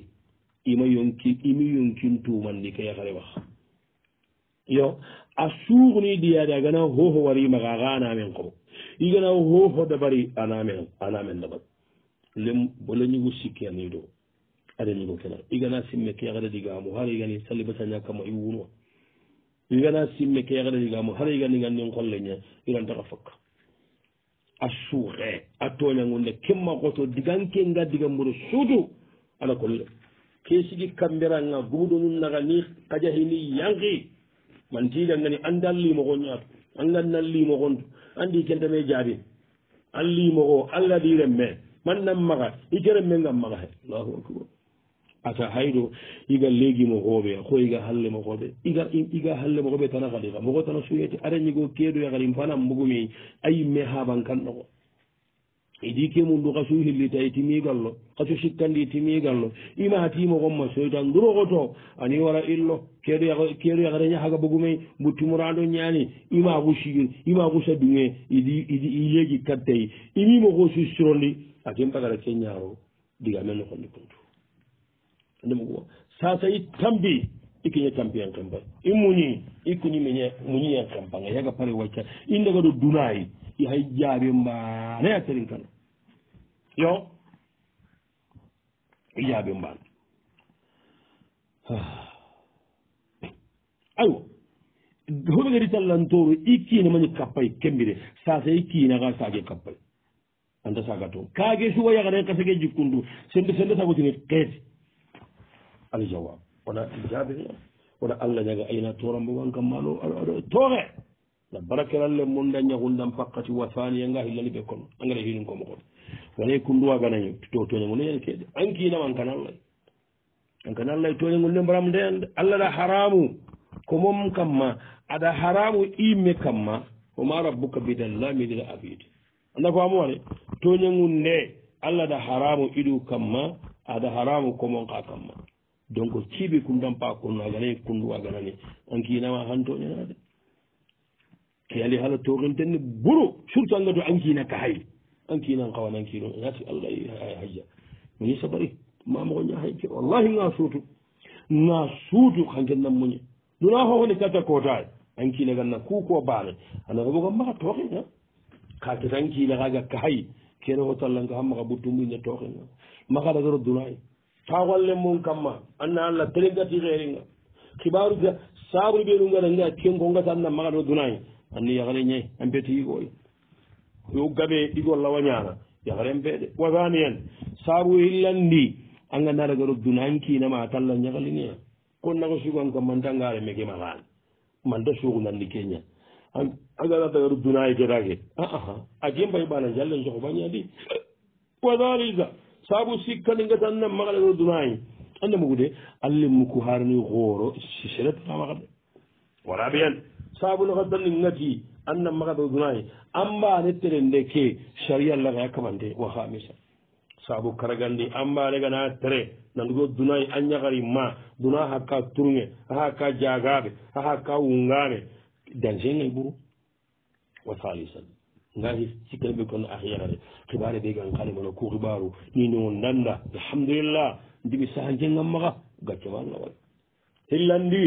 ima yonki imi yonkin tumandi ka yahare wax yo a suuguni diyaade a gana hooho wari maga aga anaamen qoro i gana hooho dabari anaamen anaamen dabar lem bala ñigu sikkeerni do ada ñigo kenar i gana simme ke yahare digaamu har i gani salli basañakamma i wunwa gana simme ke yaxeɗaɗigamo xara yiganiganin qolle ña irantaxa fok a suuxe a toñangunde kemma xoto diganke nga digamburo suutu ana kolle ke sigi kamberanga guɗonu naxa ni xajaxini yanki mantigangani anda limoxoñatu angana limoxontu andi kentame jaabin a limoxo allah diren me mannan maxa i keren me ngan maxa he allahu akbar ata hayɗo iga leegimo hooɓe ko iga halle mo hooɓe iga iga halle mo hooɓe tana kadifa mogo tana suyete arañigo keedoya kadi fanan mbogumi ayi me haaban kanɗoko idi ke mum du kasu hillita i timigallo kasu sikkandi timigallo ima timo gomma soytan durogoto ani wara illo keedo yakare ñahaga bogume mbuttimorando ñani ima ku sigir ima ku sadunge idi i leegi kattey imimo ko sustirondi atin pagara ke ñaaro diga men nokondi kuntu ndemgo sa tawi tambi ikkiñe tampiyen kem bay i muñi ikkuñi miñe muñiyen kem baga yaga pare wacca in daga ɗo dunayi hay jaabi mbaneya serin kan yo i jaabi mban aywa hoɓe gadi tallantoro ikkine mañi kappay kembire sa sa ikkine ga sage kappay anta saga toon kaage suwa yagaren kasage jikkundu sende sende sagotini keesi aljawab wona ijabe wona allah ñaga ayna torambo wan kam maɗo aɗo tooxe na barakelalle mun da ñahundam pakkati wasaniye nga hillani ɓe kono engrais hinum komo kono wonay kunduwaganañu totoñagunen keede ankinam an kana allah an kana allah toñagun le mbaram ndeende allah ɗa haramu ko mom kam ma aɗa haramu imme kam ma oma rabbuka bidal lamidila abide anda ko amoone toñagun nde allah ɗa haramu iɗu kam ma aɗa haramu komon ka kam ma donc ciiɓi kundan pa kunnaganayi kundu waganani ankinama hantoñanade keali hala toxintenni buru surtout angatu ankina ka hay ankinan xawan ankino nati allahy haya muñi sabari mamoxo ña hayke wallahi nga suutu nga suutu xankennan muñi nuna xooxoni kata kootaay ankina ganna ku ko baane anaga boga maxa tooxina ka keta ankina xaaga ka hay kene xotallanka xa maxa buttumbine tooxina maxa ragaro dunaye ha wallen mum kamma anna allah delegati xeeringa xibaru saabri ɓe ɗumgada nga ken kongata anna maga ɗo dunayi anni yakre ñayi an beti yigoyi e. yo gaɓe ɗigol lawa ñana yakren peede wasani hen saabu e hillandi angandaɗa gaɗo dunankinama talla ñakalini hen kon naga sugan kam mantangare meke makani manta suku nandi keña agaɗata gaɗo dunayi ketake aa a kembayi ɓana jallen sokoɓañadi wasanisa saabu sikkani ngatanna magalero dunayi ande mugude alle muku harani hooro sisereta magade wala bien saabu no gaddani ngati anna magado dunayi ambane tere nde ke sharia llah gaya kamande wa hamisa saabu karagandi ambanegana tere nandugo dunayi a ñagari ma duna ha ka turge aha ka jagaɓe aha ka wungaɓe danger ngay ɓuru wa salisalm ngahi sikkata ɓe kono ahiyarare kibare ɓe gan kane mana ko kibaru nino nanda alhamdulillah ndimi saha jengam maga gaccema allah waɗa hillandi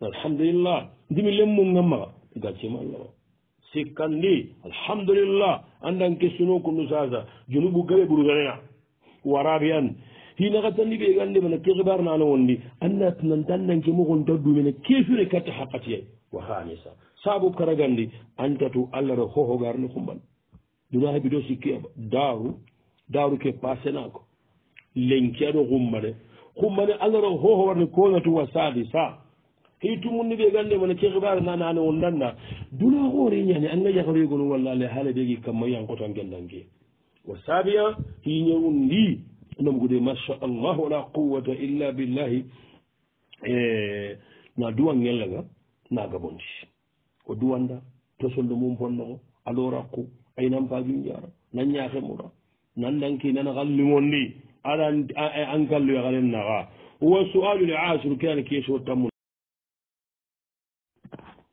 alhamdulillah ndimi lemmum gam maga gaccema allah waɗa sikkandi alhamdulillah andan kessuno kundu sasa junubu gaɓe ɓurganaya waraɓe an hinaga tanni ɓe gande mana ke kibar nano wondi anna nantannan ke mogon taddu mene kesure katta hakkatiyay wa hamisa saabu karagandi antatu allah ro hohogarno humban duna heɓi ɗo sikki daru daru ke passenako lenki aɗo humbane humbane allah ro hohowarni konatu wa sadi sa hey tumunni ɓe gande mana kehɓare nanane on danna duna hoore ñani an gaƴaka regono wallale haala ɓegi kamma yankotan gellanke wa sabia hiñewun ndi nomgude macha allah wala quwata illa billahi e na duwa ngellanga naga bonci o duwanda tosolɗo mum bonnoo alorakku aynampajum jara nanñahemura nandanki nana halli mon ndi aɗa ankalluya halen naka wa sualu le asru kena kesuwo tammu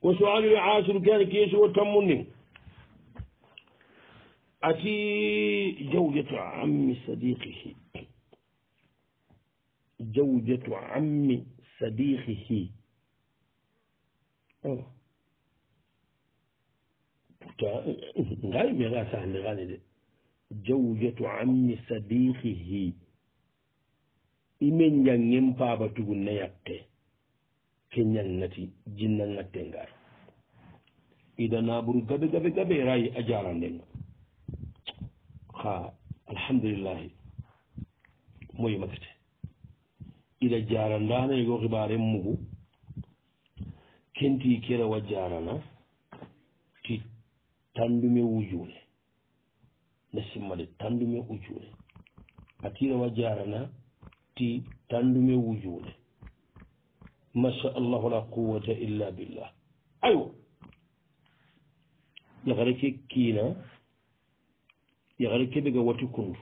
wa sualu le asru kena kesuwo tammu ndin ati jawjatu ammi sadiqihi jawjatu ammi sadiqihi to ngawi mi ngaa sahande ngaani e de jawjatu ammi sadiqihi imen njangen paaba tugu nayakte ke ñangati jinna ngatte ngar ida naaburu gabe gabe gabe rayi a jaranndenga ha alhamdulillahi moyi makete ida jarandanayigo e xibaren mugu kenti kera wa jarana tandume ujune nde simmade tandume ujune atirawa jarana ti tandume ujune masha allahu la quwata illa billah aywa yakareke kiina yakare keɓega wati kundu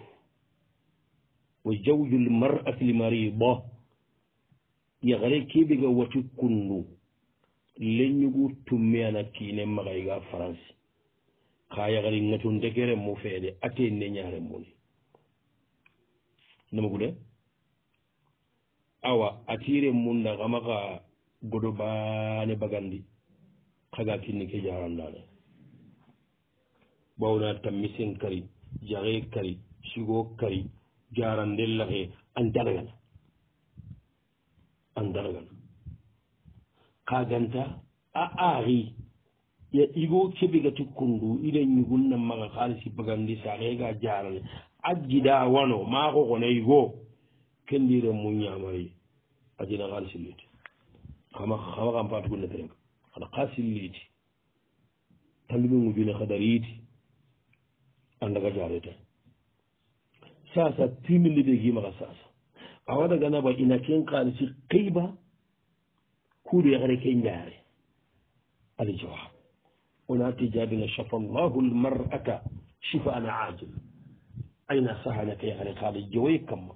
wa jawju lmarati limarida yakare keɓega wati kundu lenñugu tumme ana kiine maxayga france kaa yagari ŋatu ndegere mu feede ate neñaare muni namagude awa atiire mun na xama ka godo baane bagandi xaga kinni ke jarandaane bawna tammisen kari jaxe kari sigo kari jarande laxe an daragana an daragana kaganta a aaxii ye igoo keɓigati kundu ida ñugun na maga haalisi bagandi saxeega jarale ajjida wano maaxoxona igoo kendire mu ñamayi ajina haalisi liti xama xama xam patugunnat reng xana xaasi liiti talimi ngujune xadar yiiti andaga jareta sasa timinde ɓe gimaxa sasa a waɗaganaba ina ken xaalisi xeyba kuuɗo yaxere ke njaare ali jawab on arti jaabino chafa llahu l mar'ata chifa an ajil ayna sahanaka ye ane haala jowoy kamma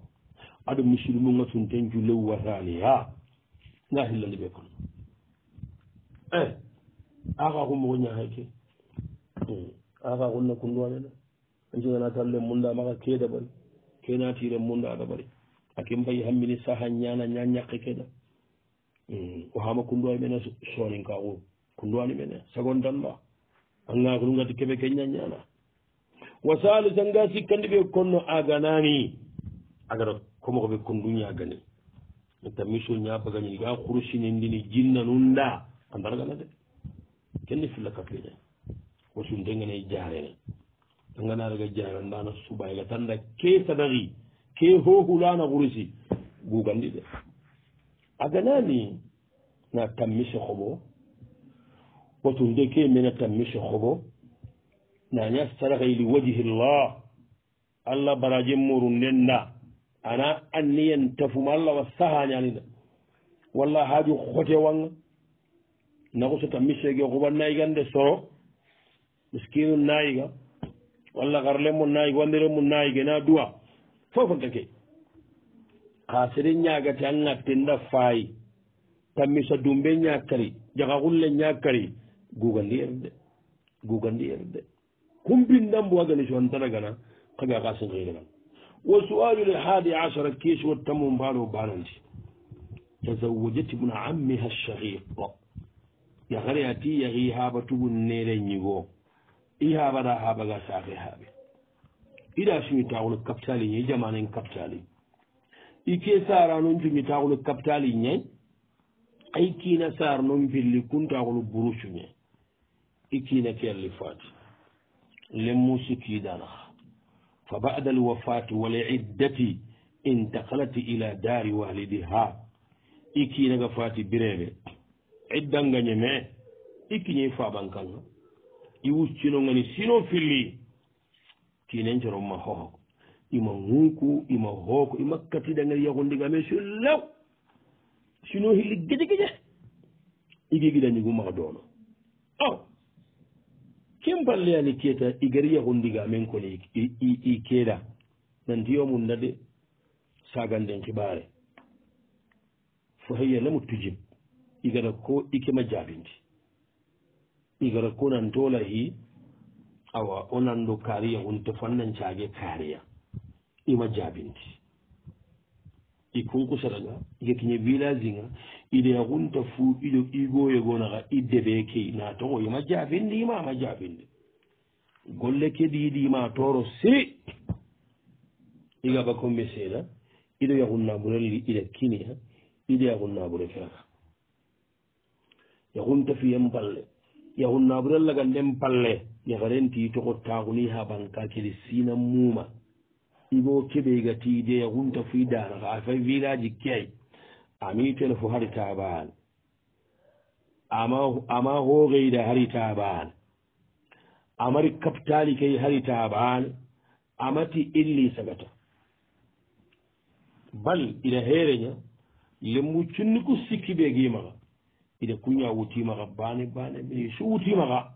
aɗo musulmuga tunten julow warraniya nda hillande ɓe kono e aka kumogo ñahayke aka kunna kunduwanena anjeganatalle munda maga kedaɓari kenatire munda aɗaɓari akin bayi hammini saha ñana ña ñakke keɗa o hama kunduwani ɓene sonin kaku kunduwani ɓene sagon danma annaa ko ɗum gaddi keɓe keñañana wa salisa nga sikkandi ɓe konno aganani agara komo koɓe konduñagani ta miso ñabagañi ga xursinendini jinna num nda a mbargana de kenne filla ka feña wasum dengene jarene anganaraga jare mbana suɓayga tanda ke sadaki ke hohulana xursi gugandi de aganani na tammise xoɓo watun de ke mena tan misho xogo naña saraxa li wajihillah allah baraje moru nenna ana anniyen tafuma allah wa sahañanina walla haaju xotewanga naxusota misege xuba nayigande soro miskinu nayiga walla xarlemo nayiga wanderemo nayige na duwa fofanka ke xa sere ñagate anga tenda fayi tammisa dumbe ñakari jaxaxulle ñakari gugal ndi erde gugal ndi erde humbindambo wagani soon tana gana kaga ka sengeyegal wo suwalu le haadi asara keesi wot tamo mbaalo baananti tazawajati mun ammiha shahiqa yahare ati yahi haaba tubu neere ñigo i haabada haabaga saake haaɓe ida suñi taxule capitali ñe jamanen capitali i ke saaranon suñi taxule capitali ñay ay kiina saar non pilli kun taxulu buru suñay ikiina kerli faati lemmu sikiidana fa bada alwafaati wala iddati intakalat ila daari walidiha ikiinaga faati bireeɓe iddangañe me ikkiñei faaɓan kanga i wuccinongani sino filli kiinencoroma hoho ima ŋuuku ima hooko ima katidangani yahundiga me sin law sino hilli gije gije igigidañigu maa doono o oh. ken balleyani keta igariya hondiga amen kone i keda nanti yomum nade saganden hibare fo haya lamu tujib igara ko ikema jabindi igara ko nantola hi awa onando kariya hunte fannan cage kariya ima jabindi i kunkusaraga i ga kiɲe village ŋa i de yagunta fu ido igoyegonaga i debe ke natogo ima jabindi ima ma jabindi golle kediidi ima toro siri i ga bako meseda ido yagunnaburelli ida kiniya ido yagunnabure feraga yagunta fi yen palle yagunnaburellaga nden palle yagarenti i togo taguni ha banka kedi sina muma ibo keɓeyga tiide yahunta fuy daara a fay village kay ami telefo hari tabaan ama ama hooxeyda hari tabaan amari kaptaali kay hari tabaan amati illi sagata bal ida heereña lemmu cunni ku sikki ɓe gi maxa ida kuña wutimaxa bane bane mii su wutimaxa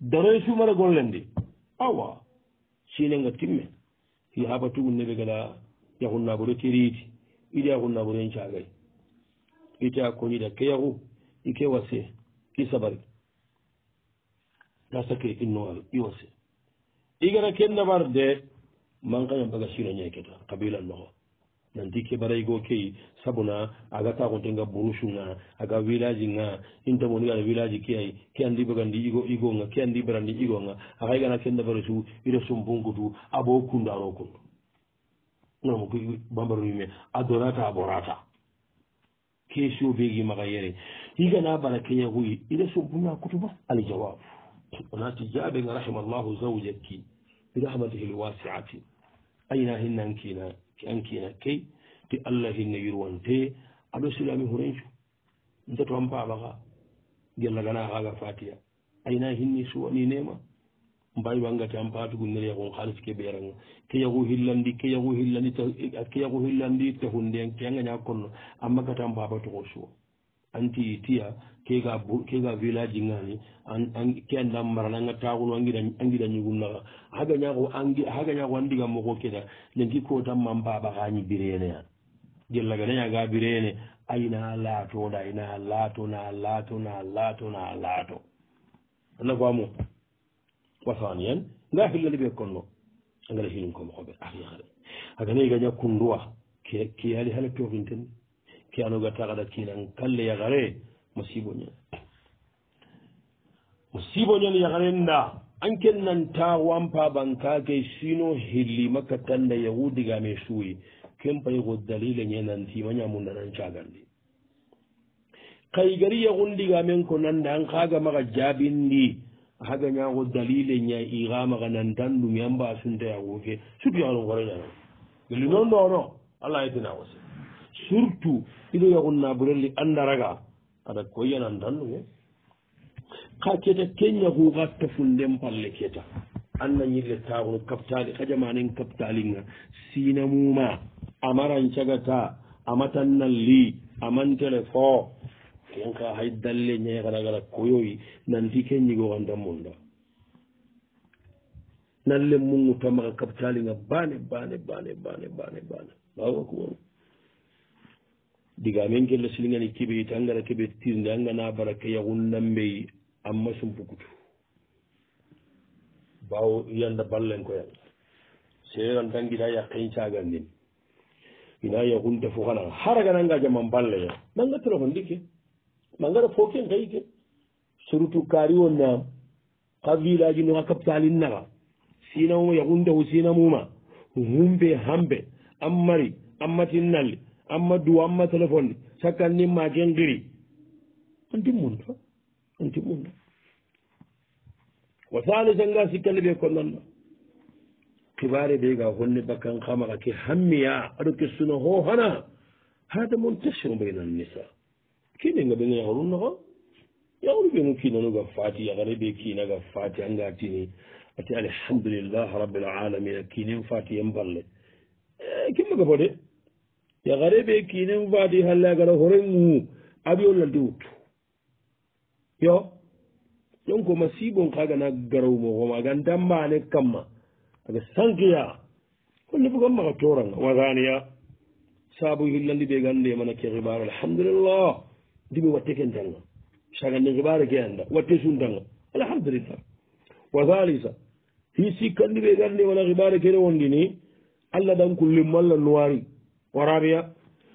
daroye sumara gollen de awa sinenga timmen yo haba tugun ne ɓe gala yahunnaɓoro teriidi iɗi yahunnaɓoro en cagay ita koñiɗa ke yahu ike wase i sabari ta sake inno al i wase igana ke nabar de man kañam ɓaga sira ñeketa kabila noxo nanti kebarai go kei sabuna aga ta kon tenga burushu nga aga wilaji nga inta moni ga wilaji kei ke andi be gandi igo igo nga ke andi brandi igo nga aga ga na kenda baro su ire sum bungu du abo kunda ro kun no mo ki bambaru mi adorata aborata ke su be gi maga yere iga na bala kenya hui ire sum bunya kutuba al jawab ona ti jabe ga rahimallahu zawjaki bi rahmatihi alwasi'ati aina hinnan kina ke ankina key te allah hinna yurwante aɗo silami hurenco dato an baba ka gellagana kaga fatiya ayna hinni suwani nema mbawi wangati an patugunneriyakon halis ke ɓeranga ke yahu hillandi ke yahu hillandi ke yahu hillandi te hundeyan keyangañakonno amma gata an baba togo suwa anti tiya kega kega village ngani an kian dam marana ngata ko ngi dan ngi dan ngum na haga nya ko angi haga nya ko andi gam ko keda le ngi ko tam mam baba ga ni birene ya jella ga nya ga birene aina la to da ina la to na la to na la to na la to na ko mo ko fani yan nda hilal be kon no ngala hilum ko mo be akhi khare haga ne ga nya kun ruwa ke ke ali hal to vinten ke anoga taxada kinan kalle yaxare ma siibo ñan ma siibo ñan yaxaren da an ke nan taxuwanpa banka ke sino hilli maka tanda yahu digame suwi ken payixo dalile ñe nantima ñamunda nan cagandi xaigari yahun digamen ko nanda an xaga maxa jabindi axaga ñaxo dalile ña ixa maxa nantan dumi an ba sunta yaxu ke sutu yaxalun xoreñana gelli non no no allah yetena xose surtout ino yagun naburelli andaraga ada koyyanan dannuge ka keta kenya huga tofun den palle keta anna ñille tawunu kaptali ka jamanen kaptalinga sina muma amarancagata amatan nalli aman telefo kenka hay dalle ñeekadagala koyoyi nanti kenñigoxandammunda nan le mungu tamaga kaptalinga bane bane bane bane bane bane bawakuwaru diga amen gelle silingani keɓeyte angara keɓe tirde angana baraka yahun nambeyi amma sum bugutu bawo yanda ballen ko yalla seran tan giɗa yakken cagal nin ina yahunde fo hana haraga nanga jaman balleya nanga téléphone ndike mangara foken kayke surtout kaari o naam ka village no a kaptalin naga sinamuma yahundefo sinamuma humpe hambe ammari ammatin nalli amma du amma téléphone sakkan nimma jengiri on dimmunto on dimmunto wa salise nga sikkanle ɓe konnanno kibare ɓe ga honne bakkan kamaka ke hammiya aɗo ke suno ho hana hada mon tesiro mbaynan nisa kine nga ɓen yahrunno ko yahru ɓe mu kinanuga faati yahare ɓe kinaga faati anga tini ati alhamdulillah rabbilalamin kinen faati en balle eh, kimmaga fo de te xare ɓe kiinen faati hallagara horenmu aɓyo laldi wuttu yo donc ma siɓon xagana garaw moxoma aganta mbaane kamma aga sankiya holle foga maxa toranga wasaniya saabu hillandi ɓe gande mana ke xibar alhamdulillah ndiɓe watte ken tanga sagande xibare ke anda watte suntanga alhamdulillah wasalisa hi sikkandi ɓe gande mana xibare kene wondini allah dan kullimmalla nowari warabi ya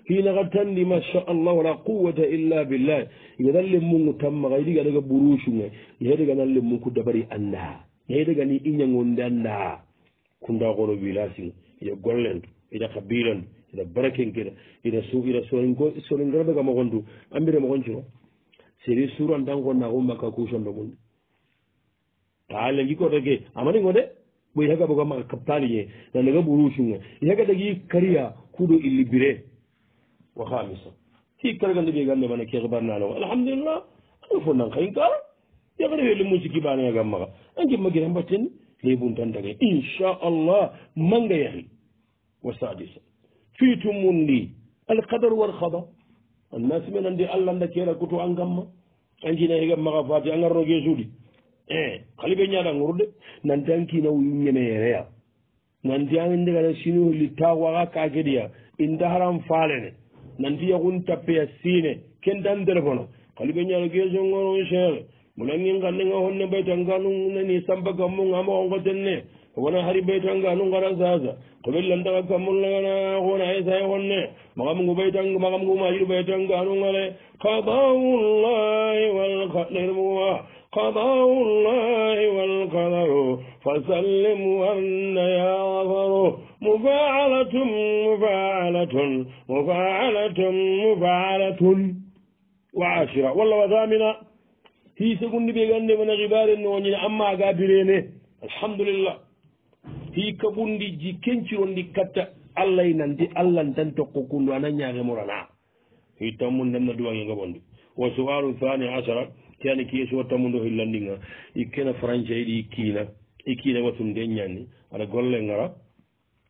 hinaka tandi masha allah wala quwata illa billah yedan lemmungu tammaka yidigadaga burushunga yedigana lemmu ku dabari anda yedigani iñagonde anda kunda kono bilasin ida gollendu ida kabilandu ida barakenkeda ida ida soningarabega mogondu ambire mogoncino seri suran tan gonna ku makka kusondo munde taa lengi kotoke amaningo de boy haga ɓo gama a kaptani ye nanaga ɓurusunga ihaga dagi kariya kuɗo illibire wa hamisa ti kargandeɓegande mana ke ɓarnano alhamdulillah ano fo nan kayinkala yakreweli mun siki ɓanaya gammaga ankimma gira mbatteni leybuntan daga inchallah manga yahi wa sadisa fitumundi alkadar warhaba annasimenandi allah nda kera kuto an gamma ankina hegammaga fati angarno gesuɗi e kali ɓe ñanagurde nantiyankinawu ñeneyereya nantiyaindegana sinuhli tawaga kakeɗiya inta haran falene nanti yagun tappeya sine ken tan téléphone kali ɓe ñana question gono chere mulangin kandega honne baytanganunani samba gammuga mogongo tenne wona hari baytanga nu gara sasa koɓe lantaga kammulagana kona esaye honne magamgu baytanga magamgu majiru baytanga nu gare kadaullahi walkadirmuwa قضاء الله والقدر فسلم وأن يا غفر مفاعلة مفاعلة مفاعلة مفاعلة وعاشرة والله وثامنة هي سكن بيغن من غبار نوني أما قابلين الحمد لله هي كبن دي جي كنشرون دي كتا الله ينندي الله ننتقو كل وانا نياغي مرانا هي تمون نمنا دواني غبان دي وسؤال الثاني عشرة kani kiye so tammundo hillandinga ikkena français ɗi kiina i watu watunde ñanni aɗa golle ngara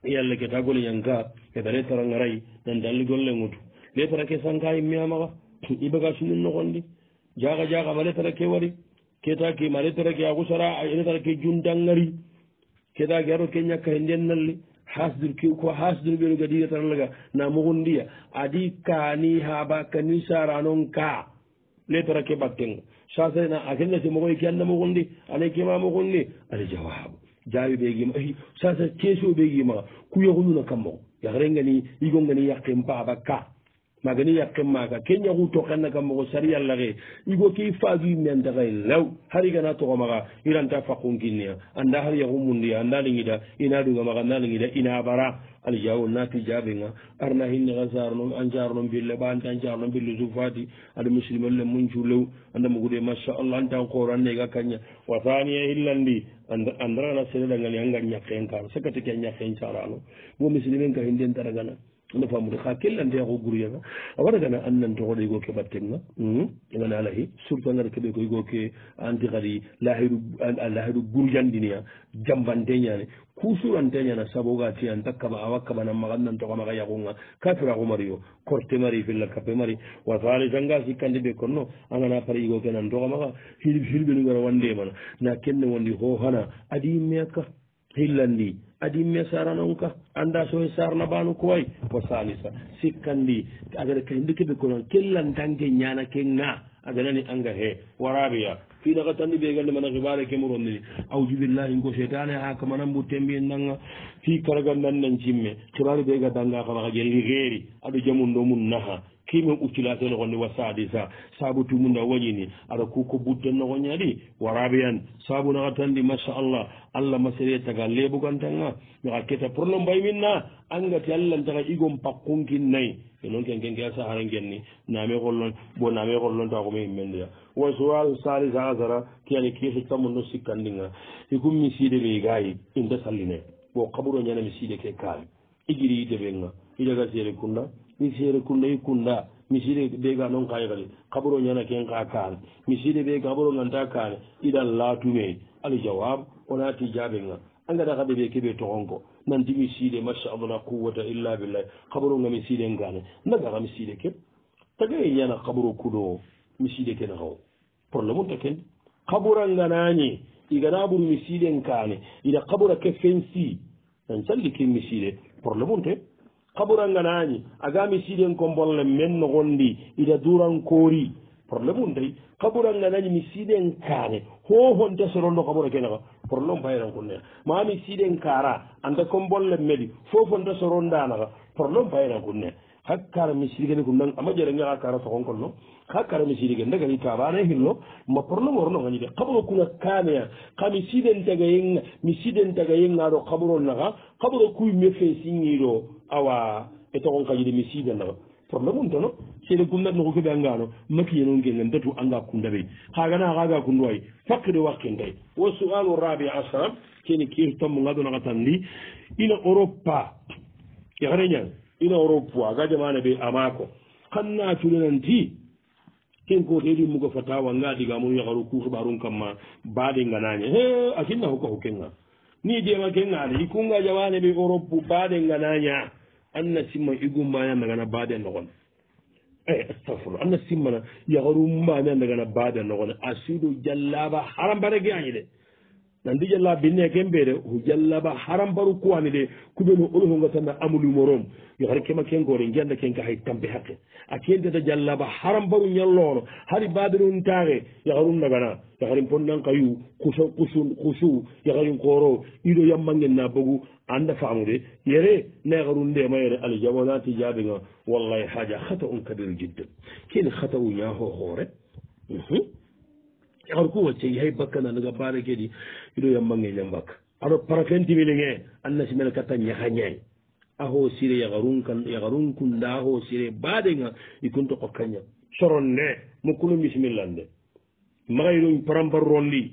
yalle keta gole ñanka ya ketare tara ngarayi nan dalli golle ŋutu letara ke sankayi miyamaxa i baga sinin noxondi jaga, jaga ma wari, ke waɗi keta ke ma letara ke aku sara letara ke jundangari ngari, ke aɗo ke nyaka Kenya nden nalli hasdur ki ko hasdur be lugadi letara ya laga na gondiya adi kani haba kani saranon ka tara ke bakkenga sasena a kengati mogoy ke anna mogondi ala ke ma mogondi ala jawabu jaabi ɓe gima sasa keso ɓe gima kuyogo luna kammogo yagrengani igongani yakkin baba ka maga ni yakke maga ke ñaku toxenna ka mogo sari yallaxe igo ke i faagu i mentaxe law har igana toxomaxa iranta faqunkinnia anda har yaxu mundia anda liŋida ina dugamaxa anda liŋida ina bara alijawo nati jabenga arna hinnexa sarno an jarno mbille ɓante an jarno mbille sufati aɗa muslime le muncu lew anda mugude macha allah antan xoor annega kaña wasaniya hillandi andaragana seneɗangani an ga ñaqen kano sakkati ke a ñaqen carano bo muslimen ka hinden taragana no famude ha kella ndeyako guruyaga awaɗagana annanto hoɗo yigoke mbattenga gana alahi hmm? surtout angaɗa keɓe ko yigoke anti kadi lahiru a lahiru gurjanɗiniya jamban deñane kusuranteñana sabuga tiyan takkaba awa kabanan maxa nantoxa maxa yaxunga kafira xumari yo corte mari filla kape mari wasali sanga sikkande ɓe konno angana pare yigoke nantoxa maxa hilɓenugara wandemana na kenne wondi hoxana adi meaka xillandi adimme saranonka anda soye sarna banu kowayi ko salisa sikkandi agaɗa kahindi keɓe kono kellan dangue ñana ke ga aganani anga he waraɓeya fiɗaka tandi ɓegande mana hibare kemuronnini audoubillahi ngo setane ha ka mana mbuttembin nanga fi karagandannan cimme kibari ɓega dangakamaka gelli heeri aɗo jamundo mum naha kimen utilisé nogonni wa sadisa sabu tumunda wañini ara ku ko budde nogoñadi waraɓeyan sabu naxa tandi machallah allah masere taga lebugantanga maxa keta porno mbayminna angati allah ntaxa igon pakkunkin nayi enon ken kenke a saharangenni name xollon bo name xollonta xume yimmendeya wa soal salis axa sara keani kese tamundo sikkandinga ikum e mi siide ɓe gayi inta salline bo xaɓuro ñanami siide ke kaali igiri yideɓenga idaga seere kunna misire kunda i e kunda misire ɓega non kaye kadi kaɓuro ñana ken ka kaane misire ɓe kaɓuro nganta kaane iɗan laatume aljawab onati jaɓenga angata kaɓe ɓe keɓe togonko nanti misiide machallah la quwata illa billahi kaɓuronga misiiden gaane nagaka misiide ken tagaye ñana kaɓuro kudoo misiide ken hao probléme unta kende kaɓuranganaañi igana ɓuru misiiden kaane ida kaɓura ke fen si nan calli ken misiide probléme unte kaɓuranganaani a gami siiɗen ko mbolle men nogondi ida durankoori probléme um day kaɓuranganaani mi siiɗen kaane ho honte soronno kaɓura kenaka probléme bayrankunnea ma mi siiɗen kaara anda ko mbolle meɗi fof honte soronndanaka probléme bayrankunnea hakkara misirige ni ko nan ama jere ñaga kara sogon kon no hakkara misirige ndagani tabane hillo ma porno worno ganide kaburo kuna kaneya ka mi sidentaga yenga mi sidentaga yenga ɗo kaburo naga kaburo kuy mefe siñiɗo awa e togon kajide mi sidenaga problème untono seede gumnat no ko keɓe angano makkiye noon gengen datu anga kundaɓe hagana haga kundu ay fakkude wakkintay wo sualu rabi asalam ceni keeso tammo ngaɗo naga tandi ina europa e xareñang ina roppu agajamane ɓe amako xanna culenanti ken ko teɗi muga fata wanga digamum yakaru kuuɓarum kamma baɗenganaña he a kinna hoka ho kenga ni jema kenga ada i kunga jawane ɓe europe baɗenganaña anna simma igumbaña ndagana baɗe nogon e eh, astahfirlla anna simmana yakaru mbaña ndagana baɗe nogon a sudo jallaba haram barege añi de nandi jalla binne ken mbeere ho jallaba haram baru kuwani de kuɓeno olu ho gatanna amolumorom yo har kema ken goore jiyanda ken ka hay tampe haqqe a kentata jallaba haram baru ñallono hari babirun taxe yaharum nagana yaharin ponnan kayu kuso kusu kusu yaharin kooro ido yammangen na bogu anda famude yere nayaharun ndema yere ala jamanati jaɓinga wallahi haja xata on kabiru jiddan kene xata u ñaho hoore mm -hmm. aɗa ku waccegi hay bakka nanaga baara geɗi iɗo yambangeñang bakka aɗa parakentimilinge annasi mena katta ñaha ñay a hoosire yaga runkunda a hoosire baaɗenga i kunto qokkaña soron ne mokkulu bisimillande magayiɗo parampar ronndi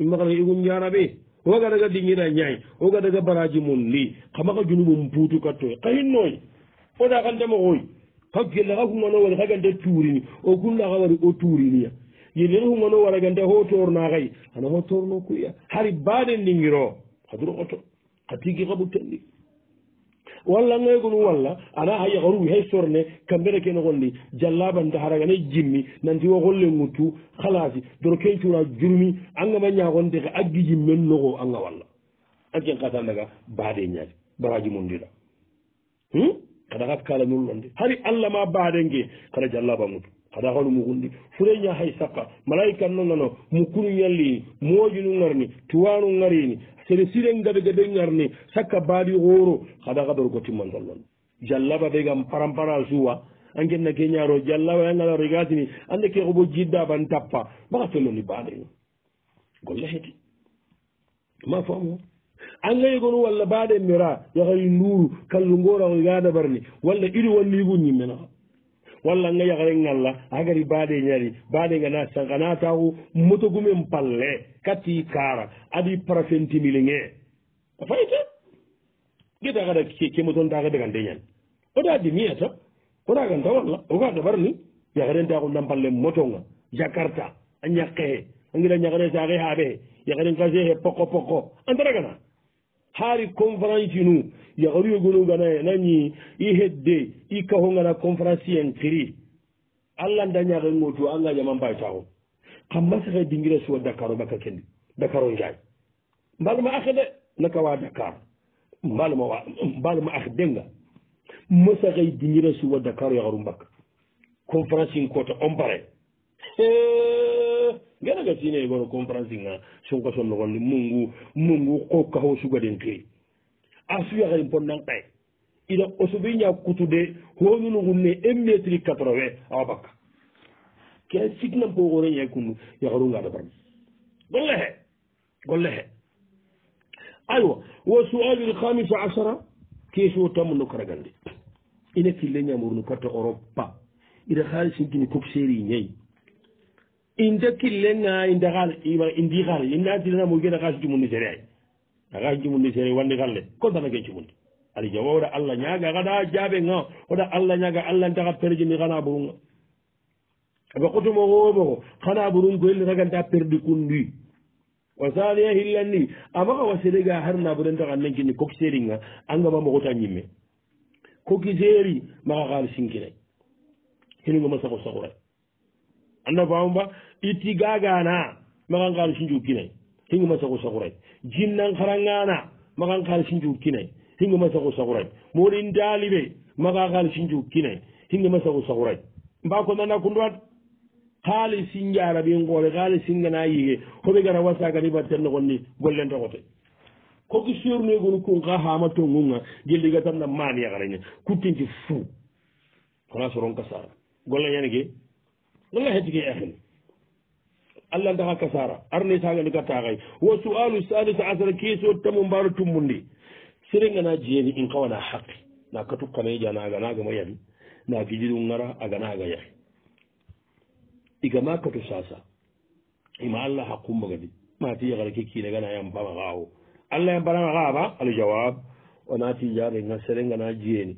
imagana igum jaraɓe woga daga diŋira ñay woga daga baraji mun ndi xamaka junubum puutu kattoy kahinnoy o da kantemoxoy ka gelle xa fumano wari xa gante tuurini o kunnda xa wari o tuuriniya yeleehumono waragande ho tornaaxay ana ho torno kuya hari baaden ndingiro xadur oto xa tigi xa ɓuttenndi walla ngeegunu walla ana a yaxaruwi hay sorne kamɓene kene xonndi jallabanta haraganay jimmi nanti wo xolle ŋuttu xalasi doro ken cuura jurumi a ngama ñaaxonte xe a gijim men noxo a nga walla a ken xata ndaga baade ñaaj baraji mondira xaɗa hmm? xat kaala nullonde hari allah ma baadenge xaɗa jallaba ŋutu kada hol mu gundi fureña hay sakka malaika nogano mukkunu yalli mooƴunu garni tuwanu garini sere siren gadegade garni sakka baaɗi xooro kada xador go timmantollon jallaba ɓe gam parampara suwa angenna keñaro jallaba yangala regasini ande ke xobo jiddaban tappa maxa colloni baaɗeyo golla heti ma famo anga yegonu walla baaɗe mera yaxay nduuru kallungoraxo gaa dabarni walla iri walligu ñimmenaxa walla nga yakre ngalla hagari baaɗe ñari baaɗe ngana sanana taw motogumen palle katti kaara adi parafentimile ŋe a fayta geta kada kemotontaka ɓegande ñani oɗa dimiyata koɗaganta walla oga dabar ni yakrentaku nan palle motonga jakarta a ñakke he angila ñakre saake haɓe he yakren kase he poko poko antaragana hari conference nu yagaru yogonu gana nani i hedde i honga na conference en tiri allah ndanya ga ngotu anga mamba bay taxo xam masaxe dingira suwa dakaro baka kendi dakaro njaay mbalma axe de naka wa dakar ma wa mbalma axe denga masaxey dingira suwa dakaro ya garumbaka conference in kota ompare ngena ga sine yegono comprensi nga sunka son nogonde mungu mungu ko kaho suga den kei a suya xay mponnang qay ina o sobe ña kutude honunu gunne un métri quatre vingt awa bakka ke sitnam ko xore ñay kunu yaxaru nga dabarm gollexe gollexe aywa wa sual lxamise acara keso tamu no karagande ina kille ñamurnu carte europe pa ina xaalisinkini coupe série ñayi in de killenga in de xaal in di xaal in naa tilena mo gena xaas jumundi sere ay a xaas jumundi sere wandi xal le contana ke cumundi ali jawa oda allah ñaaga xana jaabenga oda allah ñaaga allah ntaxa perdini xana burunga aɓe xutumo xoomoxo xana burun koyle raganta perdi kundi wa saniya xillanni amaxa wa serega harna burenta xannen kinni kok seringa angama moxuta ñimme koki seeri maxa xaali sinkinay kinungama saxu saxuray anna faamu ba itti gagana magan kaari sinjuu kinay hingu masaku sakuray jinnan harangana magan kaari sinjuu kinay hingu masaku sakuray morin daalibe maga kaari sinjuu kinay hingu masaku sakuray mbako nana kunduwat haali sinjara bin gore haali singana yige hobe gara wasagani batten gonni gollentogote koki sernegonu kun ka hama tongunga gelligatanna maniyakarane kuttinci fou kona soronkasara golla ñanige golla hetigue ahini e allah da ntaxa kasara arne sagani ka gai wa sualu salisu asar so ta mun salis asara keso tamo mbaro tummundi serengana ni in kawana haƙi na ka tukka mai jana ga na aganagama yahi na kijiru ngara a ga ga na aganaga yahi igama katu sasa ima allah ma garke ki daga na yan yampama gawo allah yampanaga xaaba aljawab onati jaɓenga serengana ni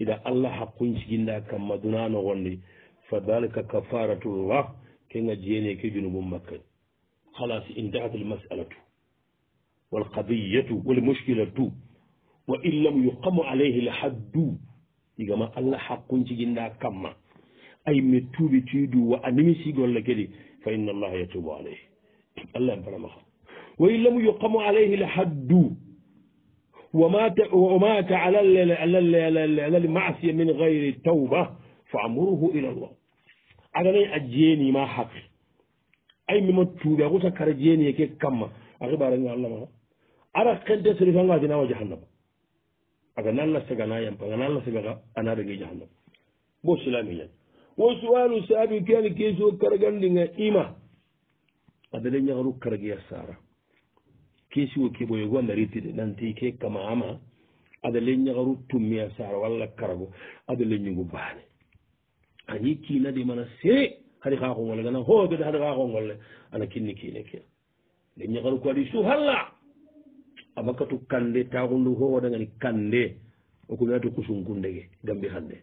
idan allah shi ginda kan maduna na nogondi fa dalika kafaratullah كنا جيني مكة خلاص انتهت المسألة والقضية والمشكلة وإن لم يقم عليه الحد إذا الله حق جينا كما أي متوب تيدو وأنمسي قول لك فإن الله يتوب عليه الله يبرمها وإن لم يقم عليه الحد ومات ومات على المعصية من غير التوبة فأمره إلى الله agana a jeenima hak ay mima tuuɓe axuta kara jeenie ke kamma a xibarani allama ara xente serifanga atinawa jahannama agana alla sega na yampa agana alla segaxa ana rege jahannama bo silamiñan wo suwalu saabi keani keso karagandinga ima adale ñaxaru karageya sara kesiwo keɓoyogo a naritide nanti ke kama ama adale ñaxaru tummiya sara walla karago adale ñugu baane ani kiina di mana see hadi xaaxo ngole gana hoogede hadi xaaxo ngolle ana kinni kiine ke le ñaxaru ko adi suhalla amakatu kande taaxundu ho wadangani kande o kuɓeati kusunkundege gambi hande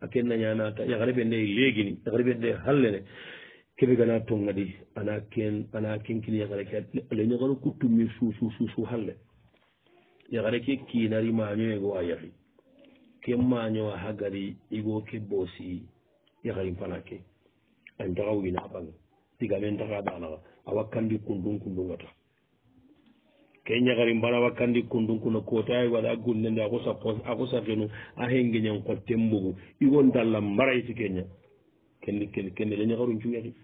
a ken nañanata ñaxarebe nde leegini ñaxarebe nde hallene kebe gana tongadi ana ken ana kenkini ñaxare ke le ñaxaru ku tummi susu susu halle ñaxare ke kiinari maañoyego a yaxi ken maañoa hagari igo ke boosii yakarin fana ke antaxa wiina a ɓanga siga men taxa ɓaanaxa a wakkandi kundun kundungata ke ñakarin bana wakkandi kundun kuna kootaye wala gunnende a xusa pos a xusakinu a hengeñen xotten mbugu igon dalla mbarayti keña ken kene le ñakarun cuyaxi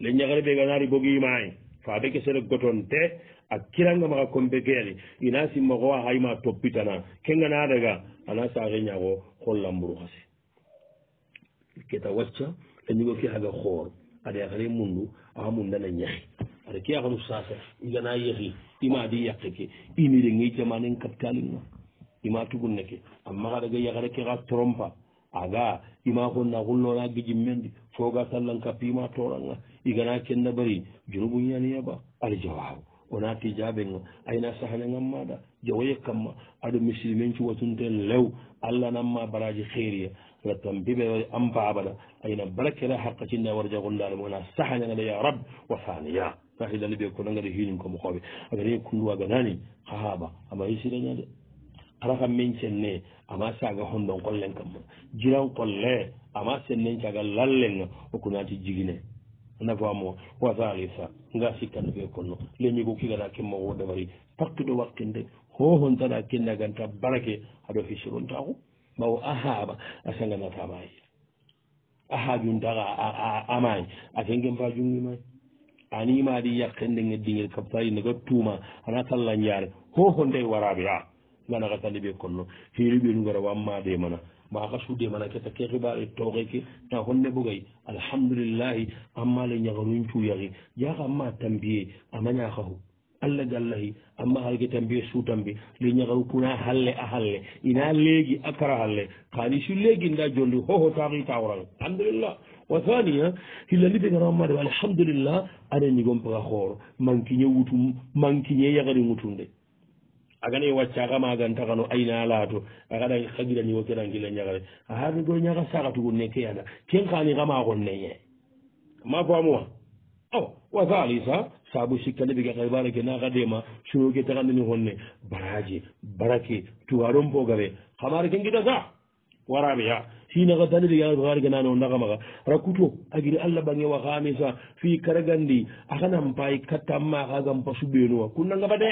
le ñakari ɓeganaari bogiimaye fa be ke sere goton te a kiranga maxa compe keexi ina simma xo a xayima toppitana kengana daga ana saxe ñaxo xo lamburu xase keta wacca kañigo e ke haga xoor aɗa yakare mundu axa mundana ñaxi aɗa ke yaxanu sasax ngana yexi imadi yaqeke inire ngey camaneng kaptalinga ima tugun neke amma xaɗaga yaxare ke xa trompa aga ima xonna xulnora gijim men di foga sallankapi ima toranga igana kenna bari junubu ñaniyaba aɗa jawabu ona tijabenga ayna saxanengam maɗa jawoye kamma aɗo misilimen cuwatunte lew allah namma baraji xeeriya wattan bibe ampa abada ayna barakkere haqqa cinna war jagondare mona sahañanaɗa ya rab wa faniya ahi dani ɓe ko nangadi hinin komo hooɓe agani kunduwa ganani kahaaɓa ama yisireñade kara kam min senne ama saga hondon qollen kam jiran qolle ama sennen caga lallen okunaati jigine nafoamo wasalisa nga sikkanno ɓe konno leñigo kigata kimmo woɗɗo wari pakkiɗo wakkinde hohontaɗa kinnaganta barake haɗo hisiron taku mawo a haaɓa a sanganatama hira a haajum daga a amaañ a kengen fajumimañ animaɗi yakkendege dingel kabtayi nega tuuma hana talla jaare hoho nde waraɓe a ganaka tali ɓe konno hiriɓingora wamma de mana ma aka suude mana keta ke xibaare toxeke na honne bogay alhamdulillahi amma le ñagaruncuyaxi jaaka amma tambiye amañaaxa fo allah gallahi amma halgeta mbiye suutanmbe le ñagaw kuna halle a halle ina leegi a kara halle kaanisu leegi nda jondi hoho taaki tawrang alhamdulillah wa thania hillandi begaramade ba alhamdulillah ane ñigon paga xooro mankiñe wutu mankiñe yagari ŋutunde agana ye waccaaxa magantaxano ayna laato a xaɗa xagira niwo ke ɗang kila ñagare axaani goy ñaga saxatugu ne ke yanda ken xaani xama xon neñe ma famuwa aw wa thalisa saabu sikka ne ɓega xebara ke naxadema sunoke taxandini xonne baraje barake tuwaron pogare xamare ke ngidasa waraɓeya sinaxa tani ɓegaxarge nano naxamaxa rakuto agini allah bange waxamesa fi karagandi axanampayi kattanmaxagampa suɓenuwa kunnangafa de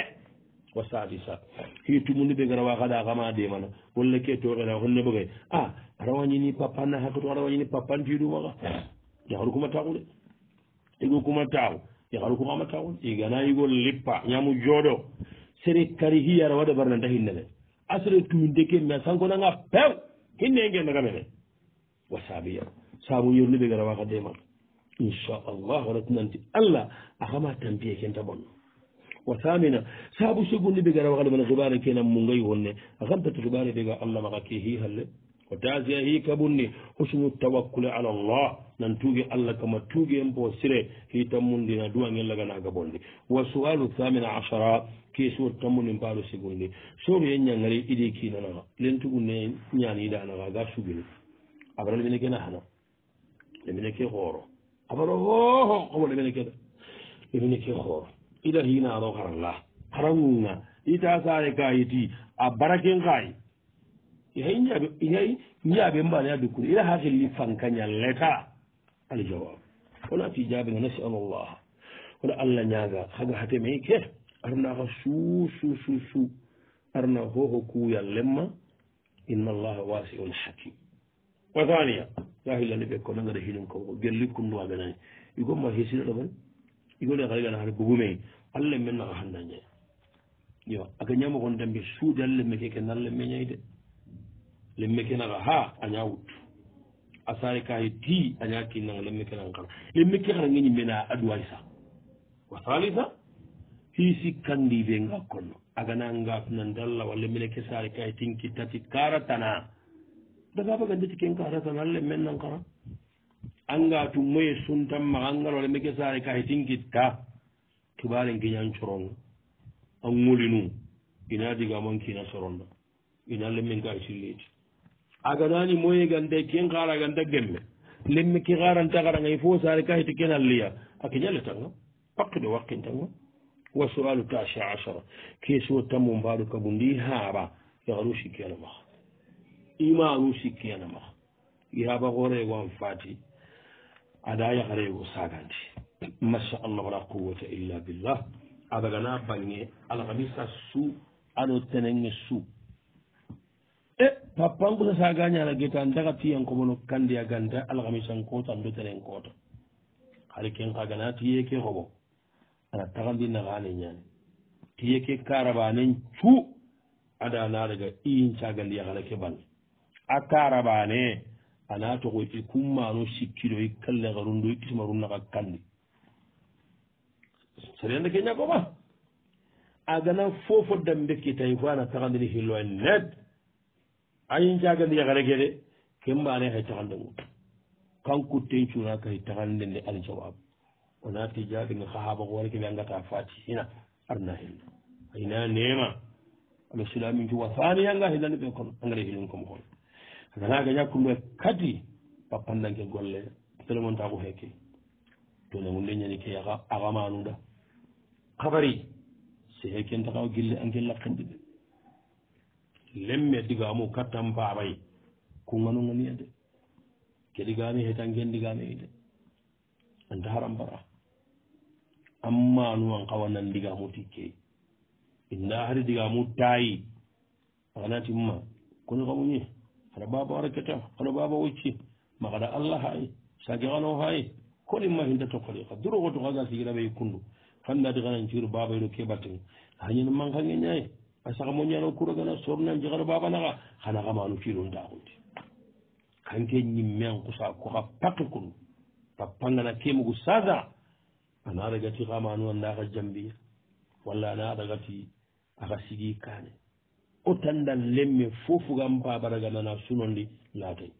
wasaɓisa ke tumundi ɓe gara waxaɗa xama demana walla ke toxena xonne ɓogay a arawañini papana xaketo arawañini papantiɗumaxa yaxru kumataxu de igu kumataxu يقول كم أما تاون يعنى يقول لبا يامو جودو سر كاري هي أروى ده برضه ده هينلا أسرة كمديك ما سانكونا عا بيو هين يعنى نكمة وسابيا سامو يرني بعرا ما كديما إن شاء الله ورثنا أنت الله أخما تنبيه كين تبون وثامنا سابو شغلني بعرا ما كديما زبارة كينا مونغاي هونة أخذت زبارة بعرا الله ما كيهي هلا وتعزيه كابوني وشنو التوكل على الله nan tuuge allah kama tuuge en bo sire hi tammundina duwangel laganaga bonde wa sualu thamine achara kesuwot tammundi mbaɗo segundi soru hen ñangari iɗi kinanaa lentugunde ñaniidanaa ga sugini abara lemine ke nahana lemine ke hooro abara hoho komo lemine keda lemine ke hooro ida hinaaro hara la hara gunga ita saare kayiti a baraken kaay hay ñaaɓe hay ñaaɓe mbaneya dukkude ida haa helli fanka ñalleta aljawab wona tijaabi nga nasal llah wona allah ñaaga haga hatemey ke arnaaka suu suu suu suu arna hoho kuuya lemma inna allaha wasiun hakim wasaniya yahillani ɓe ko nagada hinum ko gelli kunduwa ɓenani igomma hesina ɗo ɓen igone kaligana hata bugumey allah mennaka hannañee yo aga ñamo kon dembe suuɗe allemme keke nan lemme ñayde lemme kenaka ha a ñawuttu a sare kayi di aña kinnaga lemme ke nang kala lemme ke xara ngeñi mena a duwayi sa wa sali sa hiisi kandi ve nga konno agana ngaaf na ndalla wa lemmene ke sare kayi tinki tati karatana daga baga ndeti ken karatana lemmen nang kara angatu moye suntan maxa ngal wa lemme ke sare kayi tinkitta kibare ngeñan coronga a ŋulinu ina digamankina soronna ina lemmen ka i silleti aganani moye gande ken kara ganda gemme lemmi ki garanta garangayi fo sare kahiti kenalliya aki jalletanga pakkido wakkintanga wa sualu tashi ashara kesuwo tammu mbaɗo kabu ndi haaba yagaru sikkena maha imaru sikkena maha ihaba horego an fati ada yagarego sagandi masha allah wala quwata illa billah abagana bange alhamisa su aɗo tenenge su e pappanguta sa gañala gueta ndaga tiyankomono kandi a ganta alhamisan kota mbeteren kota hari ken xa gana tiye ke xobo ana taxandi naxane ñani tiye ke karabanen cu ada na daga iyin cagandi a xana ke bane a karabane ana toxo i kummano sikkido i kalle xarundo i kismarun naxa kandi sarianda ke ñakoma a gana fofo dambe ketay fo ana taxandini xilloa net ayin cagandi yakhare ke de kemba ane hay taxande mu kanku tencuna ka hay taxande ne al jawab ona ti jaade nga xahaba ko wala ke ngata fati ina arna hel ina nema al islam ju wasani yanga hilan be kon angare hilun kom kon ngana ga nyakum be kadi papandan ke golle tele mon ta ko heke to ne munde nyani ke ya aga manuda khabari se heke ndaka gille angel lakandi lemme digamu kattan babay kunganunganiya de keɗigami hetan gendigami wide anta haram bara amma nuwan kawanan digamu tikke inda hari digamu tayi aganatimma kono kamuñi aɗa baba ara keta aɗa baba wocci makaɗa allah hay sagiano hay kolimma hinta tokkaliqa duroko to kaga sigiraɓe kundu fandadi ganan ciru babayno kebatte hañino manka geñayi a saxa moñano kuragana sorna jigaro babanaxa xana xamanu cinun daxundi kanke ñimmen xusa kuxa pat kun pappangana kemugu sasa ana ragati xamanu andaxa jambiya walla ana ragati axa sigi kane o tanda lemme fofugan babaraganana sunondi latay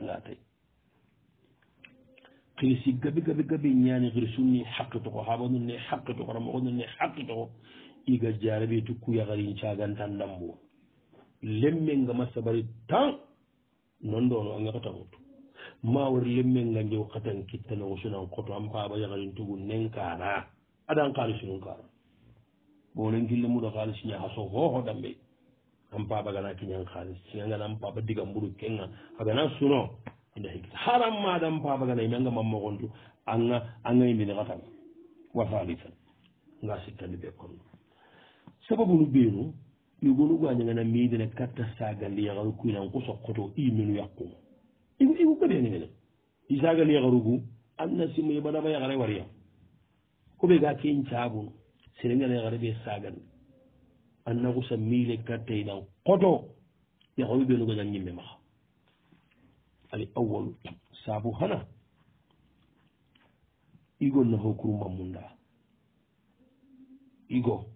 latay xilisi gabi gabi gabi ñani xiri sunni xaqi toxo xabonu ne xaqi toxo ramoxonu ne xaqi toxo iga jarabe tukku yakarin cagantan dambo lemme nga ma sabari tan non dono anga kata hoto ma war lemme nga ndew khatan kitta no sunan koto am faaba yakarin tugu nen kana adan kali sunun ka bo len gille mudo kali sinya haso ho ho dambe am faaba gana kinyan kali sinya gana am faaba diga mburu kenga agana suno ina hikita haram ma dan faaba gana imenga mamma gondu anga anga imini kata wa faalisan nga sitta ni be konno sababu nu ɓeenu yugonu ɓaañangana miidene katta saagaliyaxaru kuinan ku soqoto iminu yaqum igu igu kaɓeangene i saagaliyaxarugu anna simu yeɓanaba yaxare warya ko ɓe ga ken caagun serengana yaxare ɓe saagan anna kusa miile katta inan qoto yaxaru ɓeenu gaña ñimme maxa ali awal saabu xana igo naxo kurumamunda igo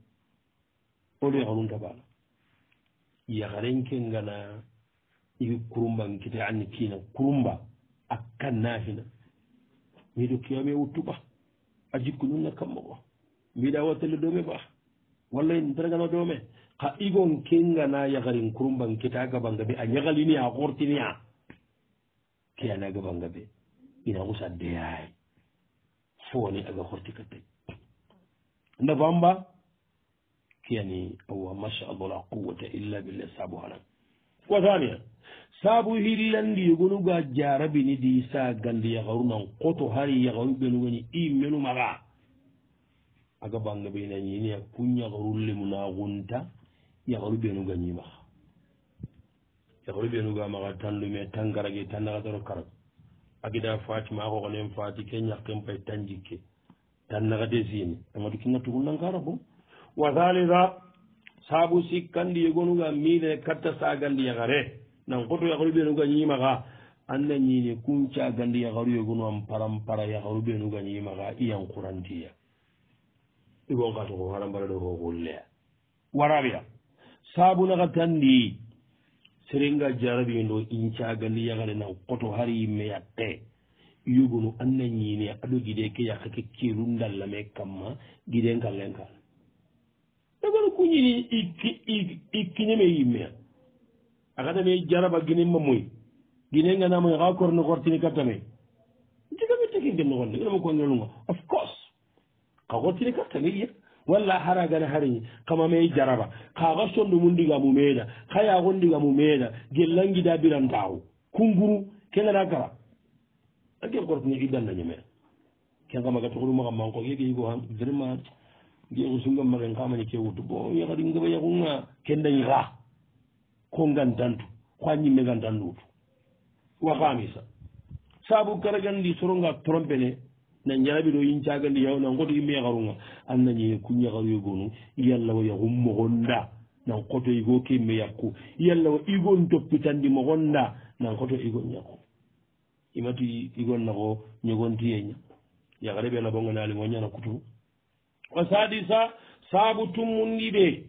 wolu yaxolunta baala yaxaren ke ngana ibi kurumba nkite anni kiina kurumba a kannafina mido kiyame wuttuba a jikkununga kammaba mbiɗa wattelle dome ba walla ntaragana dome xa igon ke ngana yaxarin kurumba nkita gabanga be a ñaxalini a xortini a ke ana gabanga be ina xusa deyaay fooni aga xortikatay ndafanba kiyani awa machallah la quwata illa billah saabu hanan watamiya saabu hillandi yogonuga jarabini di sa gandi yakharunan koto hari yakharu benugani i menu maga aga banga bena ñiniya kun yakharu lemuna gunta yakharu benuga ñimaha yakharu benuga maga tandume tangarage tannagataro karag agida fatima akoxonen fati ke ñakken pay tan jikke tannagate sini amadu kinna tugunnan karabo wa halitha saabu sikkandi yegonuga miine katta sagandi yakhare nan koto yakharu benuga ñimaha anna ñiine kuncagandi yakharu yegonu an parampara yakharu benuga ñimaha iyan kurantiya igonkatoko harambaradoro golleya warabiya saabu naha tandi serenga jarabindo e incagandi yakhare nan koto hari yimme yakke yogonu anna ñiine aɗo giɗe ke yakhake kerundallame kamma giɗen kallen kala e gono kuñini i kiñeme yimmea a xatame jaraba ginenma moy ginenganamoy xa kor ni xortini kartame jigame teke ge noxonne gnama konelunga of course xa xortini kartame yi walla xara gana xariñi xamame jaraba xaxa sondu mu ndiga mu meeda xayaxo ndiga mu meeda gellangida birantaxu kunguru ke ngana kara a ke xortini xidanna ñemea ke xamaga toxuluma xam manqoge ge yigoxa vraiment jeexu si ngammaren kamani kewutu bon yakati ngaba yakunga ken dañi ra ko gandantu ko ñimme gandannutu wa kamisa saabu garagandi soronga trompe ne na jaraɓi ɗo yin cagandi yaw nan koto yimme yakarunga an nañi kuñakaru ye gonu yallawa yaku mogonda nan koto igo kemme yakku yallawa igon toppitandi mogonda nan koto igon yakku imatu igon nako ñogontiyeña yakareɓe laboganaalingo ñana kutu o saadi sa saabu tummundi ɓe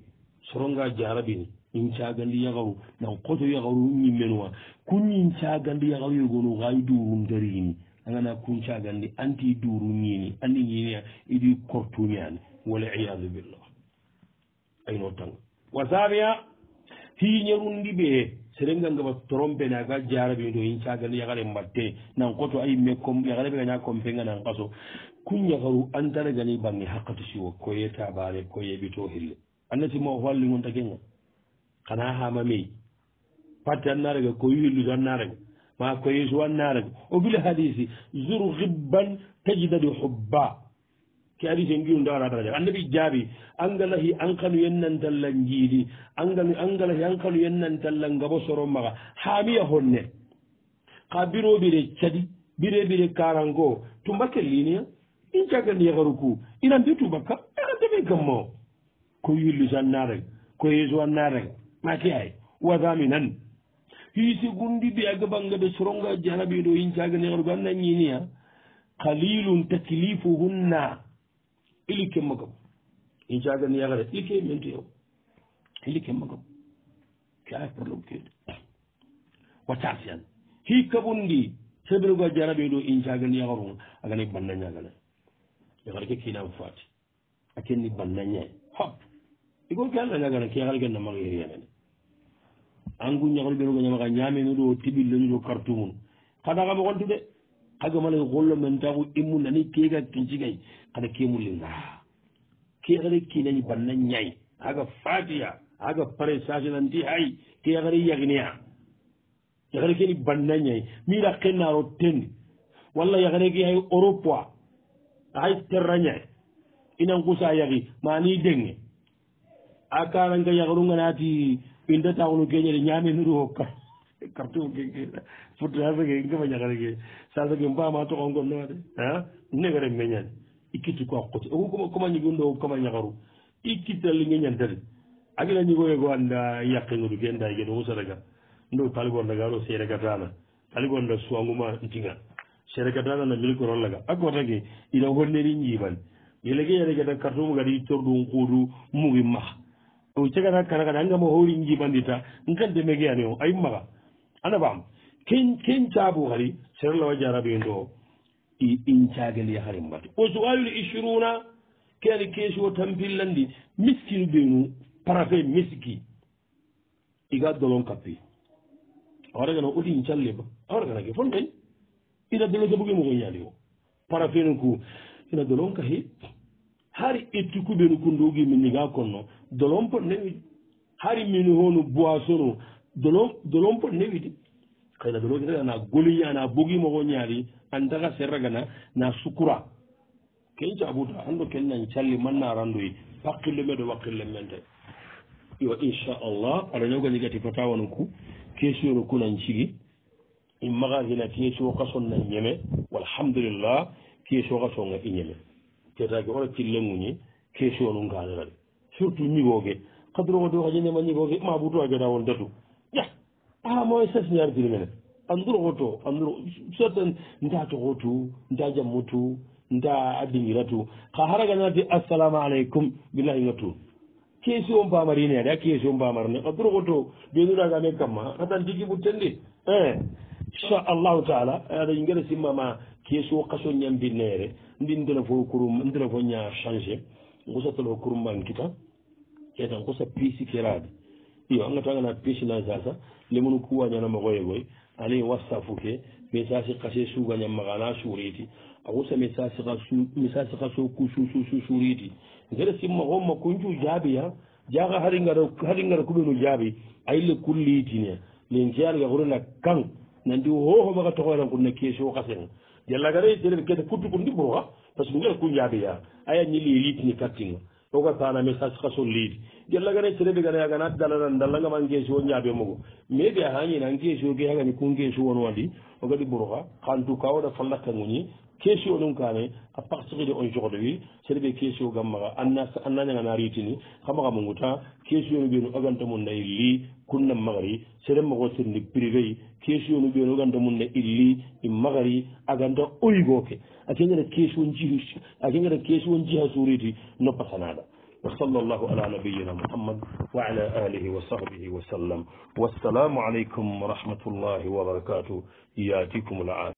soronga jarabini in cagandi yagaru nan koto yagaru ñimmenuwa kuñin cagandi yagaru yegonu xaayi durundarini agana kun cagandi anti duru ñini andi ñinia idi kortuñani waliyadu billah ayino tanga wasaniya hiñerundi ɓe serengangaba trompenaga jarabini to in cagandi yagare mbatte nan koto ayimme yagareɓe gaña compenga nan kaso kuñagaru antara gani bange hakkata siwo koye tabare koye ɓito helle annati mao walli gon tagenga kana hama mey patte annaraga ko yillude annaraga ma koyeso annaraga o bila hadisi zur ribban tajdadu hubba ke hadise en giru dawara daraja annabi jaabi angalahi ankanu yennantalla jiidi angalahi ankanu yennantalla ngabo soromaga haamiya honne ka biroɓire cadi birebire karango tumbake linia ɗin cagal yagaruku inan de tubakka anan de ɓe gammo ko yullis annareg ko yeeso annareg maki ay wasami nan hiise gundi ɓe aga bangga ɓe soronga jara ɓe ɗo in cagal yagaruku an nañiniya kalilum taklifuhunna ili kemma gam in cagal yagare ili ke mento yaw ili kemma gam ka probléme kede wacasi an hikka bundi sebirgo jara ɓe ɗo in cagal yagaru agana bannañagala yewarke kinam fati a kenni banna ñe hop igo ke alla ñagana ke xal genna maxa yeriyanene angu ñaxol ɓeroga ñamaxa ñaamenu ɗo tiɓillenu ɗo cartumun xada xa ɓoxontu de xagamalay xollo mentaxu immu nani keega kincigay xada kemulinga ke xere kinañ banna ñay aga fatiya aga pare sage nanti hay ke xere yaxinea yaxere keni banna ñay mira xennaro ten walla yaxere ke hay europois ay terraña ina ngusa yaki mani denge a karanga yakru nganati inda taxunu geñede ñaminuru hokka carte o gege fotage ge ngefa ñakare ge sage ge mbama toxongonnade ah, negere meñani i kiti ko qoti oku koma ñigundo kama ñakaru i kitta li ge ñantere a gila ñigoye go anda yakinuru ge nda gede ngusa daga ndo taligonda garo seregatana taligonda suwanguma ntinga sereketaɗa na bili koron laga a kotake ina honneri jiban yelege yereketa kartumu gati torɗum kuutu mugi maha o cegata kara kada angama hori jibandita nkan demege ani o ay maha ana bam ken cabu hari serelawa jarabin to in cagel ya hari mbati o suwalul ishiruna keani keesi o tampillandi miskinu benu parafe miski iga dolon kappi awaragana otin calle ba awaragana ke fon kañ ina dolo ka bugemo gon yaali o parafeno ku ina dolon ka hee hari itti ku ɓenu ku ndugi min niga konno dolon pot newi hari min honu boisson o dolon dolon pot newi de kayna dolo kita na goliya na bugimo gon yaali antaka serragana na sukura ken cabuta ando ken nan calli man na randoyi pakkille mede wakkille mente yo inchallah aɗa ñogo jigati fotawano ku question no kunan cigi i magasin a tiye sooka sonna ñeme walhamdulillah kiye sooka soonga i ñeme tetaake ora cillenguñi question ngaalerade surtout ñigooge xadroo doo xaje nema ñigooge maabutu a geda won datu ja aa moy sas ñaartiri mene anduroo to anduro certain ndaa toxo tu ndaa jammu tu ndaa a dingira tu xa xaraganati assalamualeykum bilahi nga tuun question mbaamarineede a question mbaamarne xadroo to ɓeenuraagame kamma xatan digibu ten di e inchallahu taala aɗa ngeɗa simmama keeso kaso ñambi neere ndin ndela fo kuru ndela fo ña changé ngusatalo kurumban kita etan kusa piisi keraade iyo anga tagana piisi na sasa lemunu kuwañanama koye koy ani wassafu ke mais sasi kase suganñammaga ana suuriiti a usa mi sasi kaso kususu suuriiti ngeɗa simma homma kuncu jaabiya jaaga haɗingara kuɓenu jaabi ayle kulliitine lenkealga kurena kan nanndi hoho maga toxoyran kun ne kesi o xasen jalagare dere kete futti kun ndimbo xa parce que ngel ku njaabeya a ya ñili liitini kattinga oga sana message xa sol liidi jalagane serebe gana yagana dalana dalangama ngeesi o ñaabe mogo mais be axa ñina ngeesi o ge agani ku ngeesi wonwandi oga ɗi buruxa xantu ka woɗa fallakkanguñi كيشي ولون كاني أبقصي لي أنجوري سلبي كيشي وكم مرة الناس أنني أنا ريتني كم مرة موتا كيشي ونبي نوغان تمون نيلي كنا مغري سلم مغوسين نبريغي كيشي ونبي نوغان تمون نيلي إم مغري أغان تا أوليغوكي أكين يرد كيشي ونجيش أكين يرد كيشي ونجيها سوريتي نبصنا هذا وصلى الله على نبينا محمد وعلى آله وصحبه وسلم والسلام عليكم ورحمة الله وبركاته ياتيكم العافية